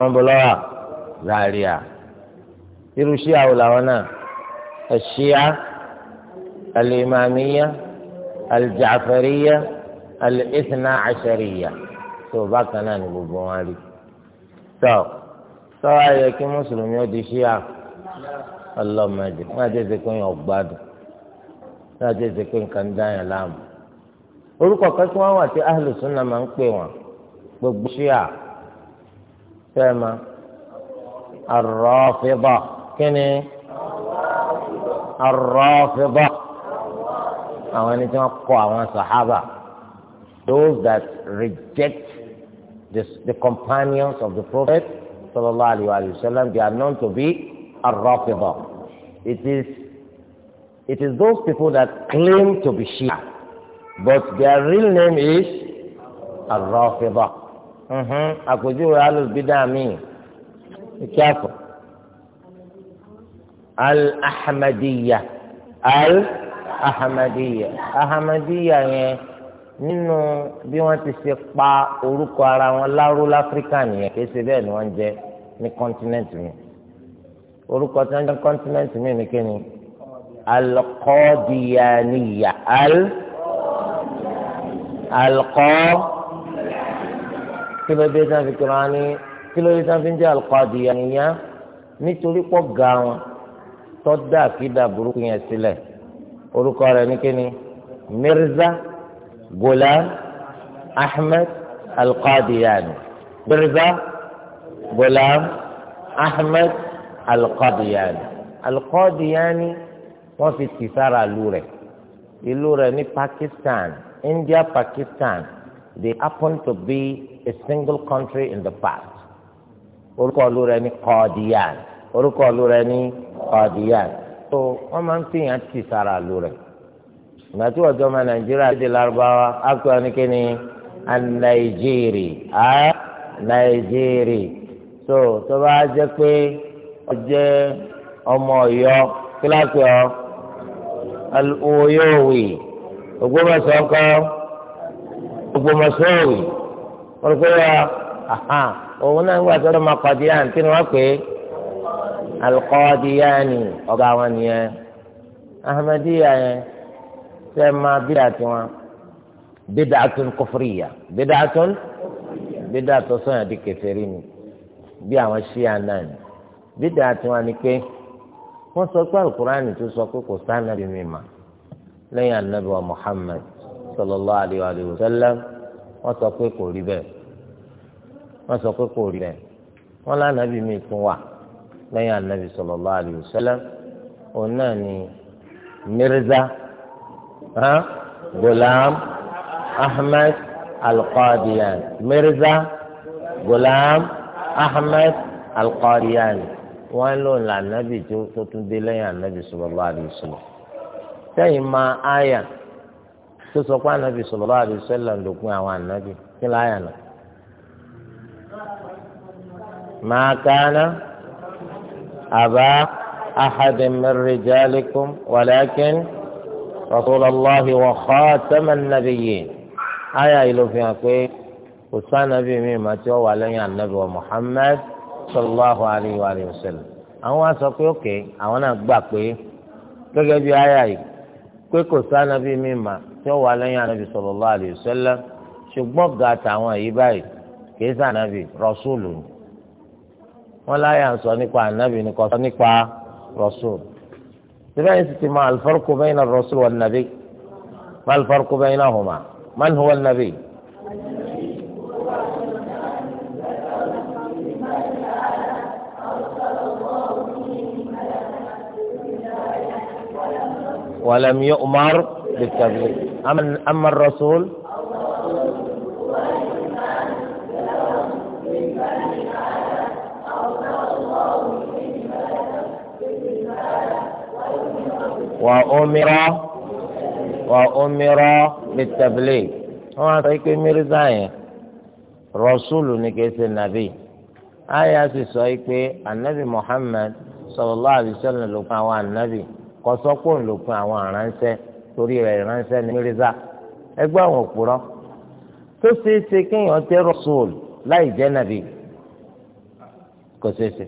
wọn bọ lọ́wọ́ Zaria irú ṣíà wò làwọn náà ẹ̀ṣíà alimamiya alijafariya alisina ashariya tó bákan náà ni gbogbo wọn rí tó sọ́wọ́ ayẹ kí mùsùlùmí ó di ṣíà ọlọ́mọdé wọn àti ẹsẹ̀ pé yàn gbádùn wọn àti ẹsẹ̀ pé nǹkan dá yàn láàmú orúkọ kan tí wà tí ahlùsùn náà máa ń pè wọn gbogbo ṣíà sẹ́ẹ̀ma arọ́fíbọ̀ kíni arọ́fíbọ̀ àwọn ẹni tí wọ́n kọ́ àwọn sàhábà those that reject the, the companions of the prophet sallallahu alayhi wa sallam they are known to be arọ́fíbọ̀ it is it is those people that claim to be Shia but their real name is arọ́fíbọ̀ àpèjúwe alùbídà mi kí a fọ al-ahmadiyya al-ahmadiyya ahmadiyya yẹn nínú bí wọ́n ti ṣe pa orúkọ ara wọn láró láfíríkà nìyẹn kì í ṣe bẹ́ẹ̀ ni wọ́n jẹ́ ní kọ́ńtínẹ́ǹtì mi orúkọ tí wọ́n jẹ́ kọ́ńtínẹ́ǹtì mi ni kí ni al-qadiyaniya kí ló dé sáfi kí wọn ní kí ló dé sáfi ń jẹ alqadiya nìyẹn nítorí pọ̀ ga wọn tó dá àkídà burúkú yẹn sílẹ̀ orúkọ rẹ̀ ní kíni Mirza Ghulam Ahmed alqadiyani Mirza Ghulam Ahmed alqadiyani alqadiyani wọ́n fi tì sára ìlú ìlú rẹ̀ ní Pakistan India Pakistan they happen to be a single country in the past orúkọ ìlú rẹ̀ ní Qadian orúkọ ìlú rẹ̀ ní Qadian so wọ́n máa ń fìyàn tì sára ìlú rẹ̀ ìgbà tí wọ́n jọ ọmọ Nàìjíríà ti Lárúbáwá akọ ẹnikẹ́ni à Nàìjíríì à Nàìjíríì so tó bá jẹ́ pé ó jẹ́ ọmọ Ọ̀yọ́ kíláàsì ọ Al-Oyowi Ògbómọ̀ṣọ́ kan. Ògbómọ̀ṣọ́ọ̀wì wọ́n pè wá òun náà wà sọ́dọ̀ máa kọ́ díyàn kí ni wọ́n pè é alukọ́díyàní ọba wọn nìyẹn ahmadiyya yẹn sẹ́ máa bídà tiwọn bídà tún kófìrìyà bídà tún bídà tó sọ̀yàn di kẹfẹ́rì ni bí àwọn ṣíà náà ni bídà ni pé wọ́n sọ sallallahu alaihi wa sallam wọ́n sọ pé kò rí bẹ́ẹ̀ wọ́n sọ pé kò rí bẹ́ẹ̀ wọ́n lánàbí mi tún wà lẹ́yìn ànàbí sallallahu alaihi wa sallam òun náà ni mirza gulam ahmed alqadiyan mirza gulam ahmed alqadiyan wọ́n lò lànàbí tó tún dé lẹ́yìn ànàbí sallallahu alaihi wa sallam máa áyà tó sọ pé ànábì sallallahu alaihi wasallam ló pin àwọn ànábì kí láyà nà. ma kana aba ahadin min rijalikum walakin rasulallahi wa khataman nabiyyin àyà yìí ló fi hàn pé kò sọ ànábì mi mà tí ó wà lẹ́yìn ànábì wa Muhammad sallallahu alaihi wa alihi wasallam àwọn sọ pé òkè àwọn náà gbà pé gẹ́gẹ́ bí àyà yìí pé kò sọ ànábì mi mà. tí ó wà lẹ́yìn anabi sallallahu alayhi wa sallam ṣùgbọ́n ga tàwọn yìí báyìí kìí sàn anabi rọ́ṣùlù ni wọ́n láyà ń sọ nípa anabi ni kò sọ nípa rọ́ṣùlù síbẹ̀ yìí sì ti mọ bẹ́ẹ̀ bayna ar-rasuli wan-nabi ma bẹ́ẹ̀ farqu baynahuma man huwa an-nabi. ولم يؤمر بالتبليغ أما الرسول وأمر وأمر بالتبليغ هو طيب مرزاية رسول نكيس النبي آية سيسويك النبي محمد صلى الله عليه وسلم لقاء النبي قصقون لقاء وعنسه torí rẹ̀ ìránṣẹ́ ní mírízà ẹgbẹ́ àwọn òpùrọ́ tó ṣeé ṣe kéèyàn jẹ́ rọ́sùl láì jẹ́ nàbì kò ṣeé ṣe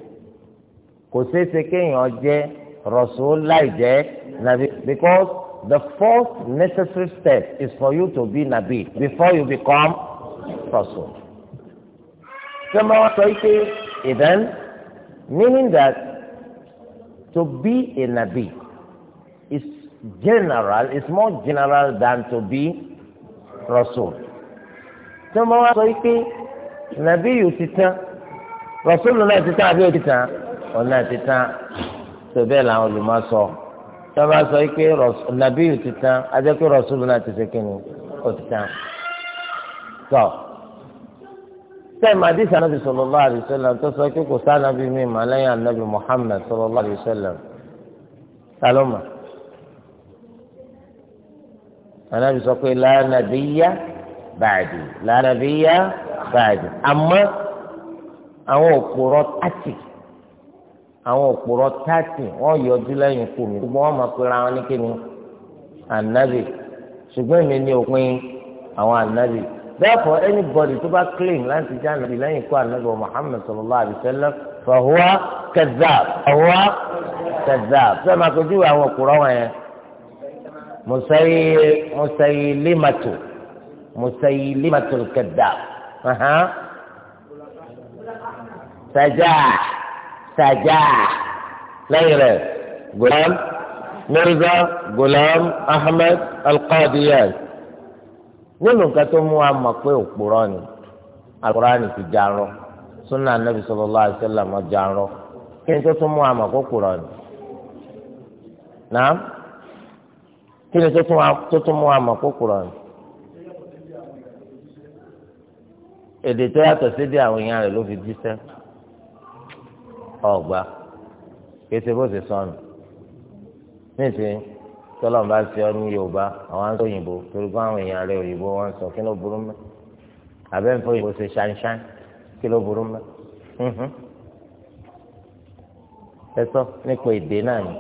kò ṣeé ṣe kéèyàn jẹ́ rọ́sùl láì jẹ́ nàbì because the first necessary step is for you to be nàbì before you become rọ́sùl. sọ́mọ́ wa sọ pé ìdán meaning that to be a nàbì is general is more general than to be rasul tí wọ́n bá wá sọ pé nàbí yìí ti tán rasul náà ti tán àbí ó ti tán òun náà ti tán tó bẹ́ẹ̀ làwọn olùmọ̀ sọ tí wọ́n bá sọ pé nàbí yìí ti tán ajẹ́ pé rasul náà ti ṣe kíni ó ti tán tọ́ sẹ́yìn àdìsí anábì sallallahu alaihi tó sọ pé kò sáà nàbí mi mà anábì Muhammad sallallahu alaihi wasallam saloma anábì sọ pé lánàbíyá báàdì lánàbíyá báàdì àmọ́ àwọn òpùrọ́ tààtì àwọn òpùrọ́ tààtì wọ́n yọjú lẹ́yìn kù mí ṣùgbọ́n wọ́n máa pera wọn ní kíni ànábì ṣùgbọ́n èmi ní òpin àwọn ànábì therefore anybody tó bá claim láti jẹ́ ànábì lẹ́yìn kú ànábì Muhammad sallallahu alaihi wasallam fahuwa kadhab fahuwa kadhab sọ ma kojú àwọn òpùrọ́ wọn yẹn. مسيلمة مسيلمة الكذاب أها سجاح سجاح غيره غلام مرزا غلام أحمد القاديان nínú nǹkan tó mú wa mọ̀ pé òpùrọ̀ ni alukurani ti jarọ sunna anabi sallallahu alaihi wasallam jarọ kí ni tó tún mú wa mọ̀ pé òpùrọ̀ ni. Naam. kí ni tó tún mú àmọ́ kókòrò ni èdè tó yàtọ̀ sí di àwọn èèyàn rẹ̀ ló fi jíṣẹ́ ọgbà kéṣe bó ṣe sọnù nísìnyí tọ́lọ́mù bá ṣe ọ́ ní yorùbá àwọn aṣọ òyìnbó torí pé àwọn èèyàn rẹ̀ òyìnbó wọn sọ kí ló burú mẹ́ abẹ́ nǹkan òyìnbó ṣe ṣáńṣáń kí ló burú mẹ́ ẹ sọ nípa èdè náà ni.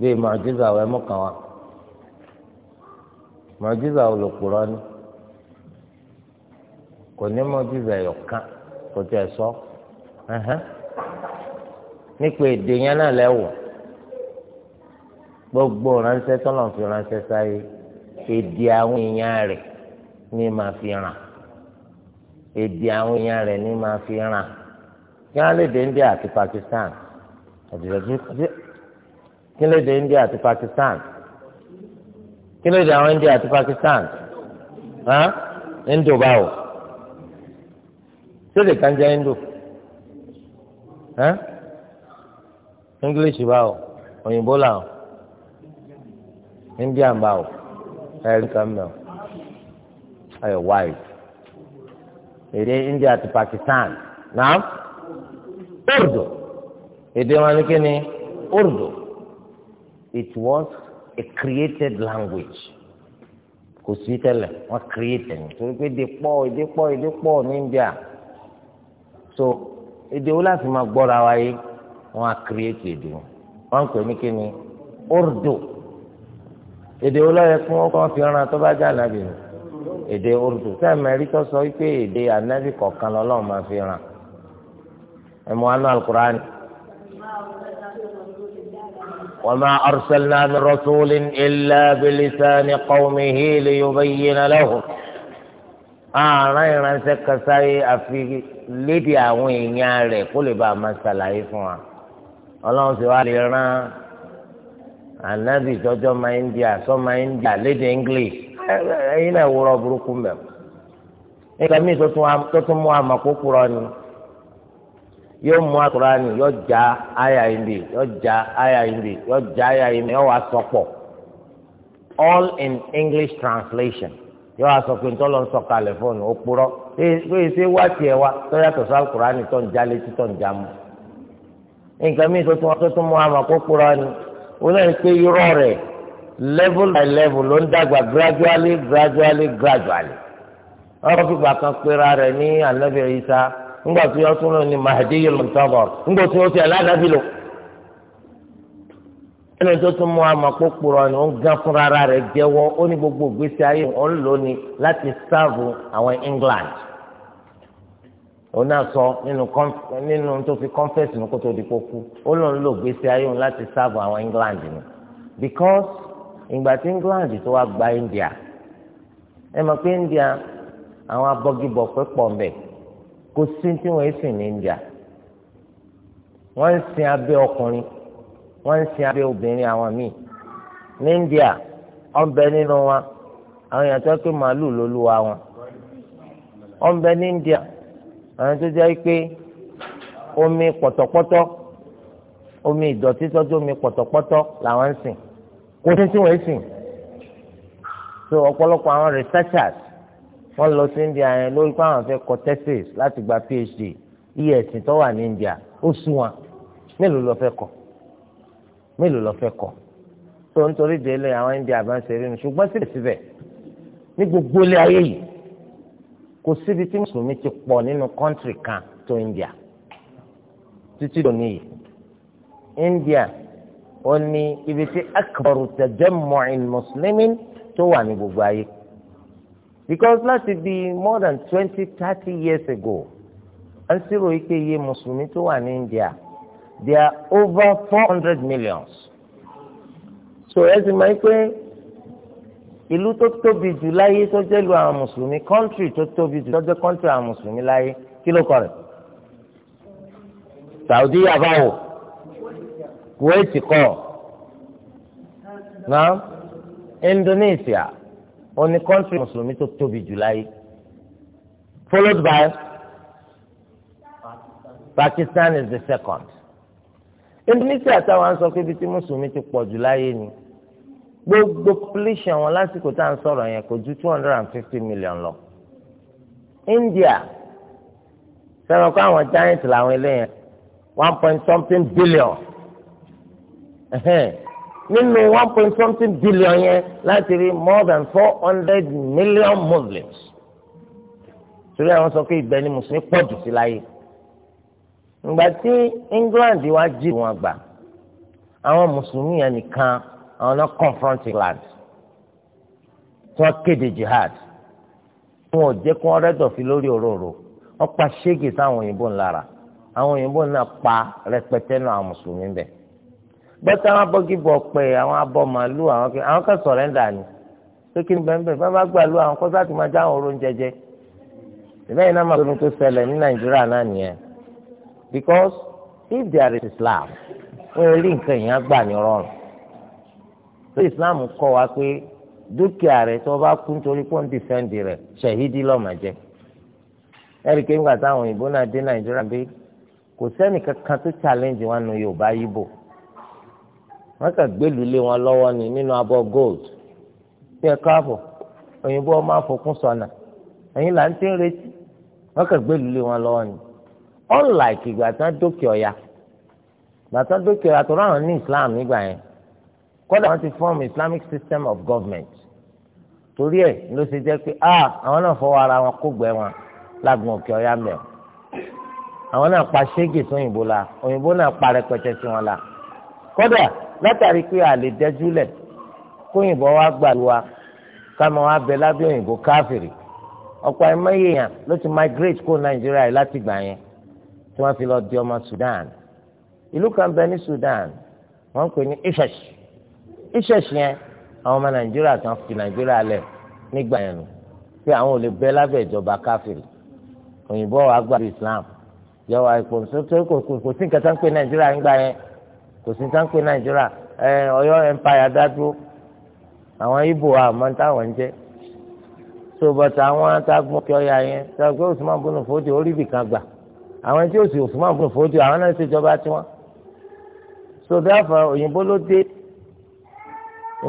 bíi mọ̀jíza ọ̀ ẹ̀mú kan wa mọ̀jíza olùkùrọ̀ ni kò ní mọ̀jíza ẹ̀yọ̀kan kò tẹ̀ sọ nípa èdè yẹn náà lẹ́wọ̀ gbogbo ránṣẹ́ tọ́lọ̀ fi ránṣẹ́ sáyé èdè àwọn èèyàn rẹ̀ ní máa fi ràn èdè àwọn èèyàn rẹ̀ ní máa fi ràn kí wọ́n lè dé India àti Pakistan kí ló dé India àti Pakistan kí ló dé àwọn India àti Pakistan hàn Indo báwo ṣé lè kàn jẹ Indo hàn English báwo òyìnbó làwọn Indian báwo ẹ̀rí kan mẹ́wọ̀ ayọ̀ wáyé èdè India àti Pakistan náà Urdu èdè wọn ni kí ni Urdu it was a created language kò sí tẹ́lẹ̀ wọ́n create ẹni torí pé èdè pọ̀ èdè pọ̀ èdè pọ̀ ní India so èdè wo láti máa gbọ́ra wa yé wọ́n á create èdè wọn wọ́n pè ní kí Urdu èdè wo lọ́yẹ kí wọ́n kàn fi ran tó bá jẹ́ ànábì ni èdè Urdu sẹ́ẹ̀mẹ̀ rí tó sọ wípé èdè ànábì kọ̀ọ̀kan lọ́lọ́run máa fi ran ẹ̀mọ́ anú alukurani. وما أرسلنا من رسول إلا بلسان قومه ليبين لهم ààrùn ìránṣẹ́ kan sáré àfi lédè àwọn èèyàn rẹ̀ kó lè bá a máa ṣàlàyé fún wa ọlọ́run sì wá lè rán ànábì tọ́jọ́ máa ń di àsọ́mà ń di àlédè English ẹ̀yin náà wúrọ̀ burúkú mẹ́rin nígbà míì tó tún mú àmọ́ kókó rọ ni yóò mú akurani yóò já àyà yìí bì yóò já àyà yìí bì yóò já àyà yìí bì yóò wá sọpọ̀ all in English translation yóò wá sọ pé ntọ́lọ́ ń sọ kalẹ̀ fóònù ó kpọ́rọ́ pé ṣé wá tiẹ̀ wá tó yàtọ̀ sí akurani tó ń já létí tó ń já mu nǹkan mi tó tún mú àmọ́ kó kpọ́rọ́ ni ó náà ń pé irọ́ rẹ̀ level by level ló ń dàgbà gradually gradually gradually ọ̀rọ̀ fìgbà kan pera rẹ̀ ní anabi isa ńgbà tí wọ́n tún lọ ní mahadi yìí lọ́tọ́bọ̀ ńgbà tí wọ́n ti aládàbí lò. ẹni tó tún mú amakó kpọ̀rọ̀ ni wọ́n gán fúnra ara rẹ̀ jẹ́wọ́ ó ní gbogbo ìgbésí ayé wọn lò ní láti sáàbù àwọn England. òun náà sọ nínú tó fi confẹ́sì ní kótó òdìpọ̀ kú ó lọ ń lò ìgbésí ayé wọn láti sáàbù àwọn England ni because ìgbà tí England tó wá gba India ẹ mọ̀ pé India àwọn abọ́gibọ̀ pẹ́ pọ̀ mbẹ́ kò sí tí wọ́n sìn ní ìjà wọ́n ń sin abẹ́ ọkùnrin wọ́n ń sin abẹ́ obìnrin àwọn míì ní India ọ̀nbẹ nínú wọn àwọn èèyàn tó pé màálù lolúwa wọn ọ̀nbẹ ní India àwọn tó jẹ́ pé omi pọ̀tọ̀pọ̀tọ̀ omi ìdọ̀tí tọ́jú omi pọ̀tọ̀pọ̀tọ̀ làwọn ń sìn kò sí tí wọ́n sìn so ọ̀pọ̀lọpọ̀ àwọn researchers wọ́n lọ sí India yẹn lórí pé àwọn fẹ́ kọ thesis láti gba PhD iye ẹ̀sìn tó wà ní India ó sún wọn mélòó lọ fẹ́ kọ mélòó lọ fẹ́ kọ tó nítorí délé àwọn India bá ń ṣe rí nu ṣùgbọ́n síbẹ̀síbẹ̀ ní gbogbo ilé ayé yìí kò síbi tí mùsùlùmí ti pọ̀ nínú kọ́ńtìrì kan tó India títí dòní yìí India ó ní ibi tí akbaru tajammu'il muslimin tó wà ní gbogbo ayé because láti bí more than twenty thirty years ago à ń ṣírò yìí pé iye mùsùlùmí tó wà ní India they are over four hundred millions so ẹ sì máa ń pé ìlú tó tóbi jù láyé tó jẹ́ lu àwọn mùsùlùmí country tó tóbi jù tó jẹ́ country àwọn mùsùlùmí láyé kí ló kọ rẹ̀ Saudi abawo Kuwait kọ náà Indonesia òun ni kọ́ńtírì mùsùlùmí tó tóbi jù láyé followed by Pakistan is the second Indonesia táwọn sọ pé ibi tí mùsùlùmí ti pọ̀ jù láyé ni gbogbo population wọn lásìkò tá à ń sọ̀rọ̀ yẹn kò ju two hundred and fifty million lọ India sọ̀rọ̀ kó àwọn giant làwọn eléyẹn one point something billion nínú one point something billion yẹn láti rí more than four hundred million muslims torí àwọn sọ pé ìgbẹ́ ni mùsùlùmí pọ̀ jù sí láyé ìgbà tí England wá jí wọn gbà àwọn mùsùlùmí yẹn nìkan àwọn náà confront England tí wọ́n kéde jihad wọn ò jẹ́ kí wọ́n rẹ́dọ̀fí lórí òróró wọ́n pa ṣéègì sáwọn òyìnbó ńlára àwọn òyìnbó náà pa rẹpẹtẹ náà àwọn mùsùlùmí bẹ́ẹ̀. bọ́tà àwọn abọ́gibọ̀ pẹ̀ àwọn abọ́ màálù àwọn kẹ àwọn kẹ sọ̀rẹ́ndà ni pékin bẹ́ẹ̀ bá bá gbà lù àwọn kọ́sá máa já àwọn oró jẹjẹ ìbẹ́yìn náà máa tó sẹlẹ̀ ní nàìjíríà náà nìyẹn because if there is Islam wọ́n rí nǹkan èèyàn gbà ní rọrùn so Islam kọ́ wa pé dúkìá rẹ̀ tó bá kú nítorí ń dìfẹ́ǹdì rẹ̀ ṣèhídì lọ́mọ jẹ́ ẹ̀ríkẹ́ ńgbà táwọn òyìnbó náà dé nàìjíríà bí wọ́n kà gbèlú lé wọn lọ́wọ́ ni nínú abọ́ gold bí ẹ káàbọ̀ òyìnbó ọmọ àfọkún sọnà ẹ̀yin là ń tí ń retí wọ́n kà gbèlú lé wọn lọ́wọ́ ni unlike ìgbà tán dókè ọ̀yà ìgbà tán dókè ọ̀yà tó ráhùn ní Islam nígbà yẹn kódà wọ́n ti form Islamic system of government torí ẹ̀ ló ṣe jẹ́ pé ah àwọn náà fọwọ́ ara wọn kó gbẹ wọn lágùn òkè ọ̀yà mẹ́ọ̀ àwọn náà pa ṣéègì sóyìnbó la òyìnbó náà pa rẹpẹtẹ sí wọn la kódà látàrí pé àlè dẹjúlẹ̀ kóyìnbó wa gbà lu wa káma wa bẹ lábẹ́ òyìnbó káfìrì ọ̀pọ̀ ẹ̀mọ́yé yẹn ló ti migrate kó nàìjíríà yìí láti gbà yẹn tí wọ́n fi lọ di ọmọ Sudan ìlú kan bẹ ní Sudan wọ́n ń pè ní Ishesh Ishesh yẹn àwọn ọmọ nàìjíríà kan fi nàìjíríà lẹ̀ nígbà yẹn nù pé àwọn ò lè bẹ lábẹ́ ìjọba káfìrì òyìnbó wa gbà Islam yọ wa ìkòsókò kò sí nǹkan tó ń pè nàìjíríà ń gbà yẹn kò sí sáńpé nàìjíríà ẹ Ọ̀yọ́ empire dádúró àwọn ibo àmọ́ táwọn ń jẹ so bọtà àwọn atagbọn kí ọyà yẹn sọ pé Usman bunu fòdì orí ibìkan gbà àwọn tí ó sì Usman bunu fòdì àwọn náà ṣèjọba tiwọn so therefore òyìnbó ló dé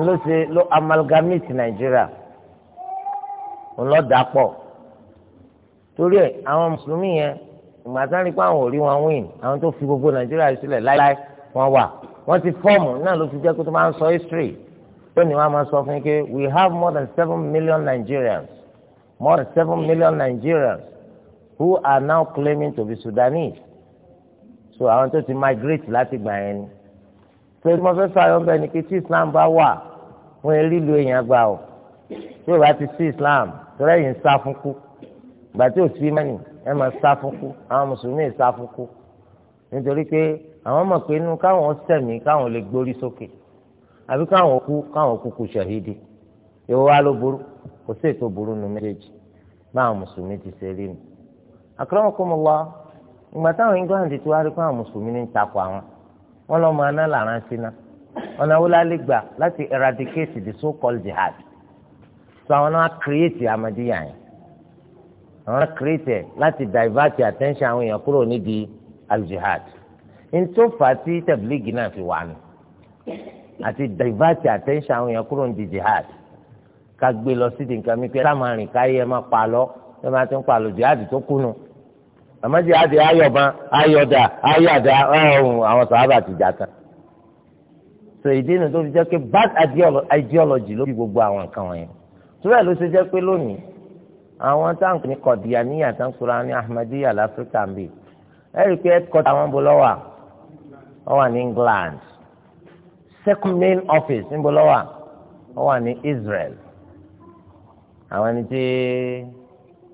ló ṣe ló amalgamate nàìjíríà ńlọdàpọ̀ torí ẹ àwọn mùsùlùmí yẹn ìgbà sáré pé àwọn ò rí wọn win àwọn tó fi gbogbo nàìjíríà sílẹ̀ láíláí wọ́n wà wọ́n ti fọ́ọ̀mù náà ló fi jẹ́ kó tó máa ń sọ history tó ní wọ́n máa sọ fún yín pé we have more than seven million Nigerians more than seven million Nigerians who are now claiming to be Sudanese so àwọn tó ti migrate láti gbà yẹn ni so mo fẹ́ sọ àyọ̀ bẹ́ẹ̀ ni pé tí Islam bá wà wọ́n yẹn lílo èèyàn gbà o tí o bá ti sí Islam tọ́lá yìí ń sá fún kú ìgbà tí o sí mẹ́rin ẹ̀ máa sá fún kú àwọn mùsùlùmí sá fún kú nítorí pé àwọn mọ̀ pé inú káwọn sẹ̀mí káwọn lè gbórí sókè àbí káwọn kú káwọn kúkú ṣàhídì ìwọ wa ló burú kò sí ètò burú nu méjèèjì báwọn mùsùlùmí ti ṣe rí nu. akramakumullah ìgbà táwọn England ti wá rí pé àwọn mùsùlùmí ní takò àwọn wọn lọ́ọ́ máa ná làrán síná ọ̀nà awúlálẹ̀ gbà láti eradicate the so called jihad so àwọn náà create amadiya yẹn àwọn náà create láti divert attention àwọn èèyàn kúrò nídìí jihad. aljihad ntòfà tí tẹ̀blígì náà fi wà nù àti divert attention àwọn èèyàn kúrò ní di jihad ká gbé lọ sí di nǹkan mi pé táwọn arìn káyé ẹ má pa lọ ẹ má ti ń pa lọ jihad tó kúnu àmọ́ jihad ayọ̀bọ̀n ayọ̀dà ayọ̀dà ọ̀hún àwọn sàhábà ti jà kan so ìdí inú tó fi jẹ́ pé bad ideology ló fi gbogbo àwọn nǹkan wọ̀nyẹn túbẹ̀ ló ṣe jẹ́ pé lónìí àwọn táǹkì ní kọ̀díyà níyà táǹkì rà ní ahmadiyya láfíríkà ń bì ẹ̀rí pé headquarter àwọn bó lọ́wọ́ ọ wà ní England second main office ń bó lọ́wọ́ ọ wà ní Israel àwọn ẹni tí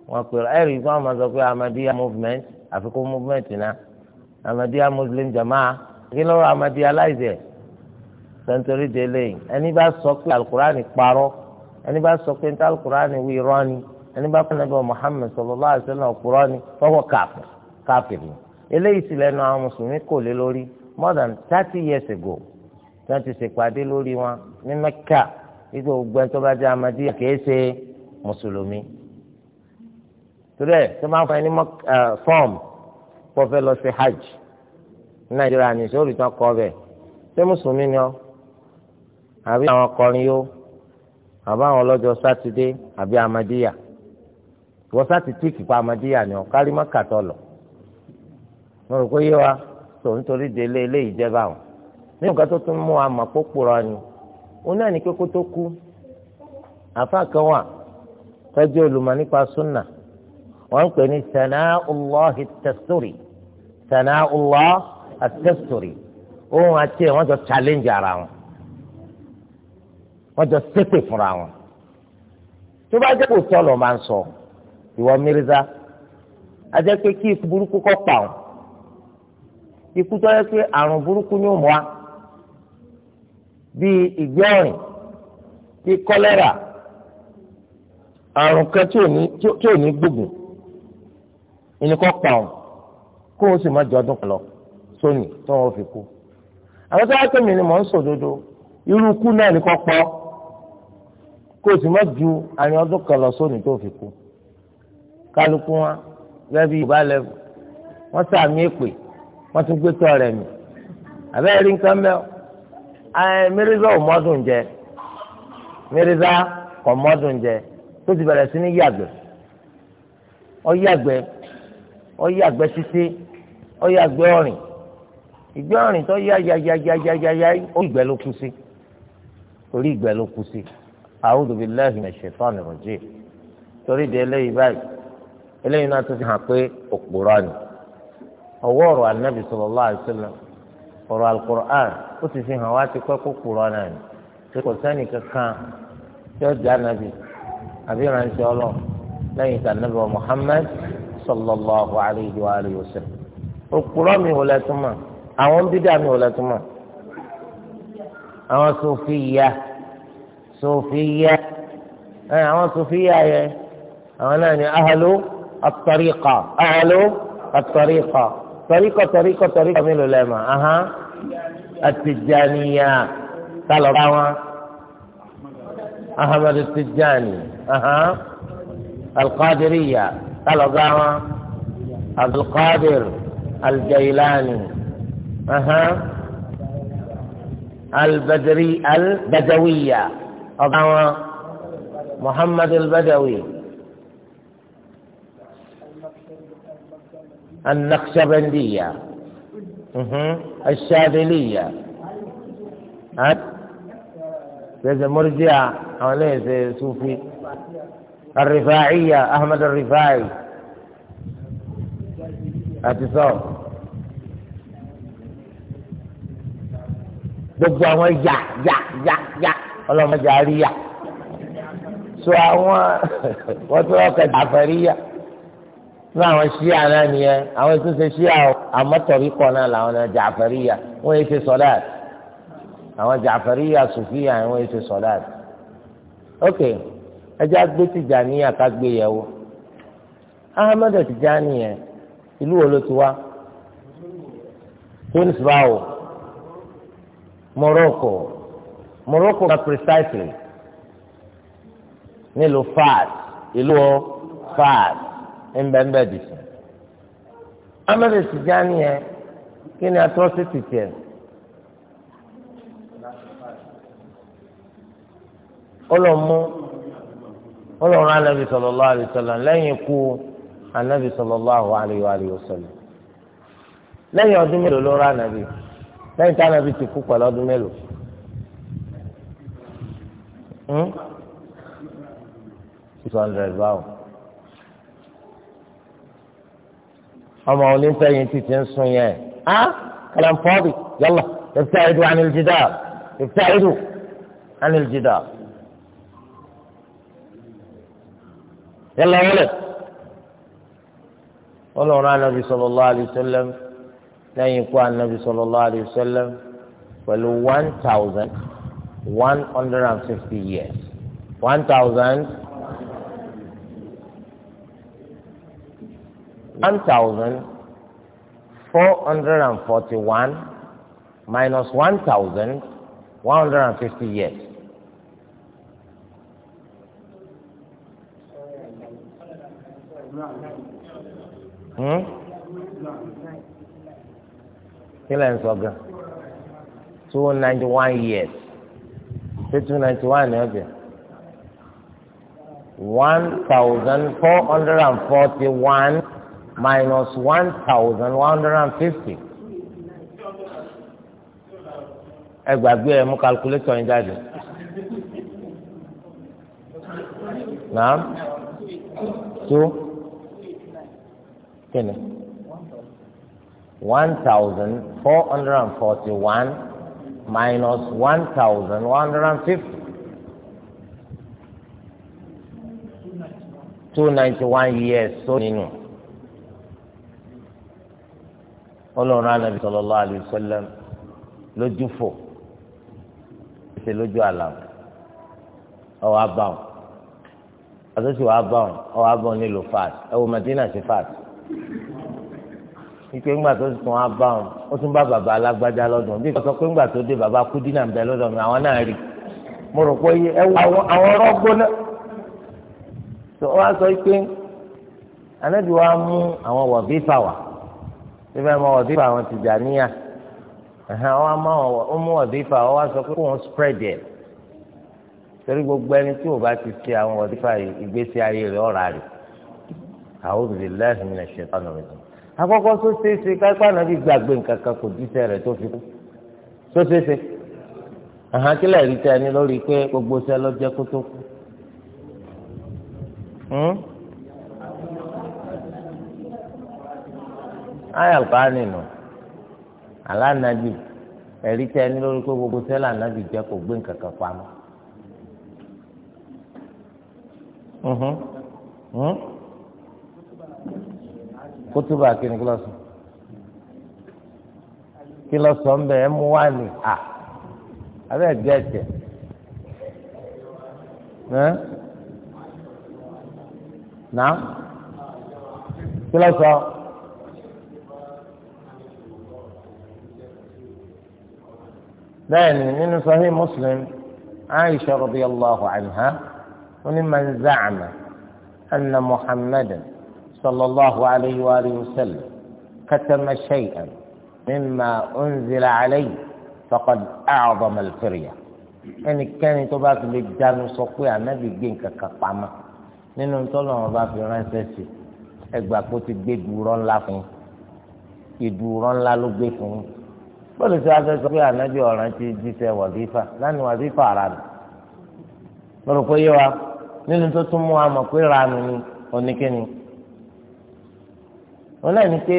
wọ́n pè ọ́ ẹ̀rí pé wọ́n máa sọ pé Ahmadiyya movement àfikún movement náà amadiya Muslim Jamaa. kí lọ́wọ́ Ahmadiyya láìsẹ̀ sẹ́ńtọ́rì délé ẹni bá sọ pé alukurani parọ́ ẹni bá sọ pé níta alukurani wí irọ́ ẹni bá kọ́ nàbẹ́ Muhammad sallallahu alaihi wasallam ọ̀pọ̀rọ́ ni fọwọ́ káfíìn káfíìn ni eléyìí sì lẹ́nu àwọn mùsùlùmí kò lé lórí more than thirty years ago tí wọ́n ti ṣèpàdé lórí wọn ní Mẹ́kà ipò gbogbo ẹni tó bá jẹ́ amadi kìí ṣe mùsùlùmí torí ẹ̀ tó máa fọ ẹni fọ́ọ̀mù kó fẹ́ lọ sí hajj ní Nàìjíríà ní sórí tán kọ́ bẹ̀ ṣé mùsùlùmí ni ọ́ àbí àwọn akọrin yó àbá àwọn ọlọ́jọ́ sátidé àbí amadíyà wọ́n sátidé kìpa amadíyà ni ọ́ kárí mọ́kàtọ́ lọ. mo rò pé yé wa tó nítorí délé eléyìí jẹ́ báwọn ní nǹkan tó tún mú ni òun náà ní pé tó kú àfa kan wà tọ́jú olùmọ̀ nípa súnà wọ́n pè ní jọ challenge ara wọn jọ ṣépè fúnra wọn tó bá jẹ́ kó tọ́ lọ́ọ́ máa ń sọ ìwọ a pé kí ikú tó yẹ pé àrùn burúkú ni ó mú wa bíi ìgbẹ́ ọ̀rìn bíi kọ́lẹ́rà àrùn kan tí ò ní gbógun ìníkọ́ pa ọ́n kó o sì má jọ ọdún kan lọ wọ́n fi kú àwọn tó wá pè mí ni mò ń sòdodo irú ikú náà ní kọ́ pọ́ kó o sì má ju àrùn ọdún kan lọ tó fi kú kálukú wọn gẹ́gẹ́ bí Yorùbá lẹ́bù sàmì èpè wọ́n tún gbé tọ́ rẹ̀ mì àbẹ́rẹ́ rí nǹkan mẹ́ o ẹ mírízà ò mọ́dún jẹ mírízà kò mọ́dún jẹ tó ti bẹ̀rẹ̀ sí ní yàgbẹ́ ọ yàgbẹ́ ọ yàgbẹ́ títí ọ yàgbẹ́ ọ̀rìn ìgbẹ́ ọ̀rìn tó yá yá yá yá ló kú sí orí ìgbẹ́ ló kú sí a'udhu billahi minash shaitani rajim torí de eléyìí báyìí eléyìí náà tó fi hàn pé òpùrọ̀ ni ọwọ́ ọ̀rọ̀ anabi sallallahu alaihi wasallam ọ̀rọ̀ alukur'an ó ti fi hàn wá ti pẹ́ kókó rọ náà ni pé kò sẹ́ni kankan tí ó jẹ́ anabi àbí ìránṣẹ́ ọlọ́ lẹ́yìn tí anabi wa muhammad sallallahu alaihi wa alihi wasallam òkúrọ́ mi ò lẹ́túmọ̀ àwọn bídà mi ò lẹ́túmọ̀ àwọn sofiya sofiya ẹ àwọn sofiya yẹ àwọn náà ni ahalo atariqa ahalo atariqa. طريقة طريقة طريقة من العلماء أها التجانية قال روى أحمد التجاني أها القادرية قال روى عبد القادر الجيلاني أها البدري البدوية أضاوى محمد البدوي النقشبندية الشاذلية ها زي مرجع أو زي صوفي الرفاعية أحمد الرفاعي أتصور دوك جاوا جا جا جا جا الله ما جاري يا سواء وتوكل عفريه ní àwọn ṣíà náà nìyẹn àwọn ètò ṣe ṣíà àmọ́tọ̀rí kọ́ náà làwọn náà jàfẹ́ríyà wọ́n ètò sọ́láàtì àwọn jàfẹ́ríyà sùfíà wọ́n ètò sọ́láàtì. ok ẹjẹ́ agbé Tìjàníyà ká gbé yẹ̀ wò Ahmad Tìjàní yẹn ìlú wo ló ti wá tunis báwo Morocco Morocco na precisely nílùú Fars ìlú Fars ńbẹ́ńbẹ́ dì sí. amẹ́rẹ́ Tijani yẹn kí ni atrocity tiẹ̀. ọlọ́mú ọlọ́run anabi sallallahu alaihi wasallam lẹ́yìn ikú anabi sallallahu alaihi wasallam lẹ́yìn ọdún mélòó ló rán anabi lẹ́yìn tí anabi ti kú pẹ̀lú ọdún mélòó six hmm? hundred báwo. ọmọ onífẹ̀yìn títí ń sun yẹn á kalam fọ́ọ̀bì yálà ibta'idu anil jidal ibta'idu anil jidal yálà wọlé ọlọ́run anabi sallallahu alayhi wa sallam lẹ́yìn ikú anabi sallallahu alayhi wa pẹ̀lú one thousand one hundred and fifty years one thousand. one thousand four hundred and forty-one minus one thousand one hundred and fifty years. Hmm? Kílẹ̀ Two ninety one years. Ṣé two ninety one ni hundred and forty one. minus one thousand one hundred and fifty ẹ gbàgbé ẹ mú calculator yín jáde naam two kini one thousand four hundred and forty one minus one thousand one hundred and fifty two ninety one years so nínú. You know. ọlọ́run anabi sallallahu alaihi wasallam lójú fò ṣe lójú àlà ọwọ́ abá wọn àtúntò wàá bá wọn ọwọ́ abá wọn nílò fat ẹwọ madina sí fat ìpè ńgbà tó tún wàá bá wọn ó tún bá bàbá alágbájá lọ́dún bí ìkọ́sọ́ pé ńgbà tó dé bàbá kúdínà ń bẹ lọ́dọ̀ mi àwọn náà rí mo rò pé ẹwọ àwọn ọ̀rọ̀ gbóná tó wàá sọ pé anabi wàá mú àwọn wàbí fà wá síbẹ̀ mọ ọ̀dífà àwọn Tìjàníyà àwọn amáwọn mú ọ̀dífà wọn wá sọ pé kóun spread ẹ̀ torí gbogbo ẹni tí ò bá ti ṣe àwọn ọ̀dífà ìgbésí ayé rẹ̀ ọ̀rà rẹ̀ a'udhu billahi minash shaitani rajim àkọ́kọ́ tó ṣeéṣe kápá náà bí gbàgbé nǹkan kan kò díṣẹ́ rẹ̀ tó fi kú tó ṣeéṣe àhàn kílẹ̀ rí tẹ́ ẹni lórí pé gbogbo ṣẹ́ lọ́jẹ́ kó tó kú. Hmm? ayé alukóhánì nù alánàbì ẹ̀rí tẹ ní lórí pé gbogbo sẹ́lá ànábì jẹ́ kó gbé nǹkan kan pamọ́. kótóbà kìnnì kí lọ sọ kí lọ sọ mbẹ ẹ mú wá ní à abẹ gẹ ẹsẹ nà kí lọ sọ. bẹ́ẹ̀ni nínú sahih muslim aisha radiyallahu anha wọ́n ní man za'ama anna muhammadan sallallahu alayhi wa alihi wa sallam katama shay'an mimma unzila alayhi faqad a'zama al-firya ẹnikẹ́ni tó bá fi lè dánu sọ pé ànábì gbé nǹkan kan nínú tọ́lọ̀ bá fi ránṣẹ́ sí ẹgbàá kó ti gbé dùúrọ́ ńlá fún yín ìdùúrọ́ ńlá ló gbé fún yín bọ́ọ̀lù tí a fẹ́ sọ pé ànábì ọ̀ràn ti jíṣẹ́ wàdífà lánàá wàdífà ara nù lọ́rọ̀ pé yé wa nínú tó tún mú wa mọ̀ pé ranù ni oníkíni wọn náà ní pé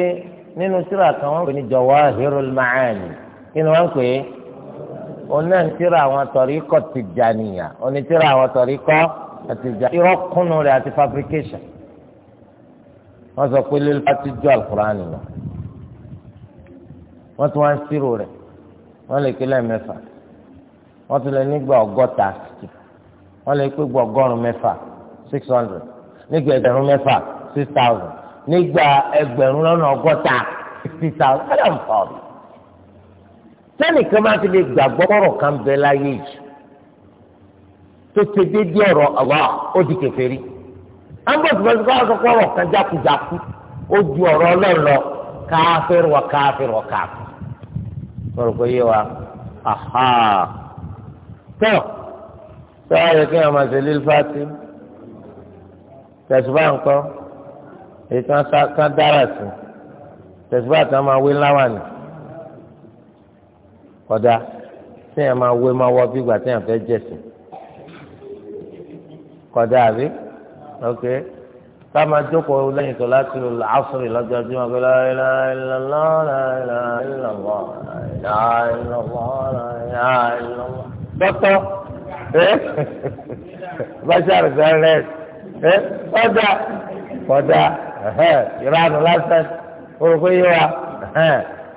nínú tírà kan wọn pè ní Jawahirul Ma'ani kí ni wọn pè é wọn náà ní tírà àwọn tọ̀ríkọ̀ Tijaniyya wọn ní tírà àwọn tọ̀ríkọ̀ Tijaniyya irọ́ kúnnú rẹ̀ àti fabrication wọn sọ pé lílọ́ ti jọ àlùkùránì náà wọ́n tún wá ń sírò rẹ̀ wọ́n lè pé lẹ́ẹ̀mẹ́fà wọ́n tún lè nígbà ọgọ́ta wọ́n lè pé gbọ́ ọgọ́rùn-ún mẹ́fà six hundred nígbà ẹgbẹ̀rún mẹ́fà six thousand nígbà ẹgbẹ̀rún lọ́nà ọgọ́ta sixty thousand ẹ̀rọ ń fọ̀ ọ́ sẹ́nìkan máa ti lè gbàgbọ́ ọ̀rọ̀ kan bẹ láyé yìí tó ṣe déédéé ọ̀rọ̀ àwa ó di kèfèrí ambos bẹ́sẹ̀ kọ́ ọ̀sọ̀ kọ́ ọ̀rọ̀ kan jákujáku ó ju ọ̀rọ̀ ọlọ́run lọ káfíìrì wọ káfíìrì sọ̀rọ̀ pé yé wa aha tó sọ́wọ́ yẹ kí wọ́n máa ṣe lílù fati tẹ̀síwá nǹkan èyí tí wọ́n kán dára sí tẹ̀síwá tí wọ́n máa wé láwàní kọ́dá tí wọ́n máa wé máa wọ́ bí ìgbà tí wọ́n fẹ́ jẹ̀sìn kọ́dá àbí ok. táwọn àjókòó lẹ́yìn tó láti lò lásìrì lọ́jọ́ tí wọ́n gbé láìlá ìlànà láìlá ìlànà láìlá ìlànà. dọ́tọ́ bàṣàrì sẹ́rẹ̀ ẹ̀ ọ̀dà ọ̀dà ìranù lásán orúkọ yìí wa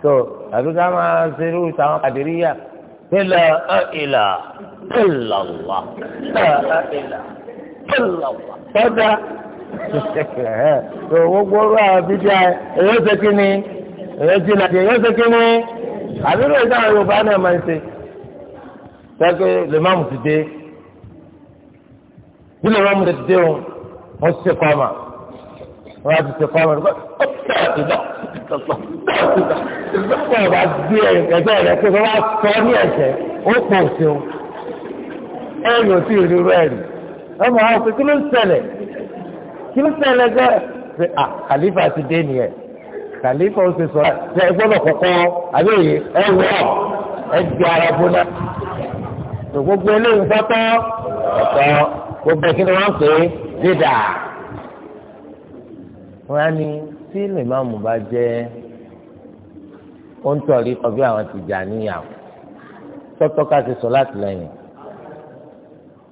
tó àbí ká máa ṣe irú táwọn àdìríyà ilà ilà ilà wà ilà ilà ilà wà. tó gbogbo ọ̀rọ̀ àbíjà èyí ó ṣe kí ni èyí ó jìnnà èyí ó ṣe kí ni àbúrò ìdáhùn Yorùbá náà máa ń ṣe tẹ́gbẹ́ lèmọ́mù ti dé bí lèmọ́mù ti dé o wọ́n ti ṣe kọ́ ọmọ wọ́n á ti ṣe kọ́ ọmọ rẹ̀ ó tẹ̀ ẹ̀ tẹ̀ tẹ̀ ọba gbé ẹ̀jẹ̀ rẹ̀ pé wọ́n á sọ ní ẹ̀jẹ̀ ó pọ̀ sí o ẹ̀rù ò tí ì rí rẹ̀ rí ọmọ àwọn pé kí ló ń ṣẹlẹ̀ kí ló ṣẹlẹ̀ bẹ́ẹ̀ ṣe à kàlífà ti dé nìyẹn kàlífà ó ṣe sọ ṣe ẹ gbọ́dọ̀ kọ́kọ́ àbẹ́yẹ ẹ wọ ẹ di ara bóná gbogbo eléyìí fọ́tọ́ ọ̀tọ̀ gbogbo kí ni wọ́n pè é dídà wọ́n á ní tí lèmọ́ọ̀mù bá jẹ́ ó ń tọ̀rí ọbí àwọn Tìjàníyà tọ́tọ́ ká ti sọ láti lẹ́yìn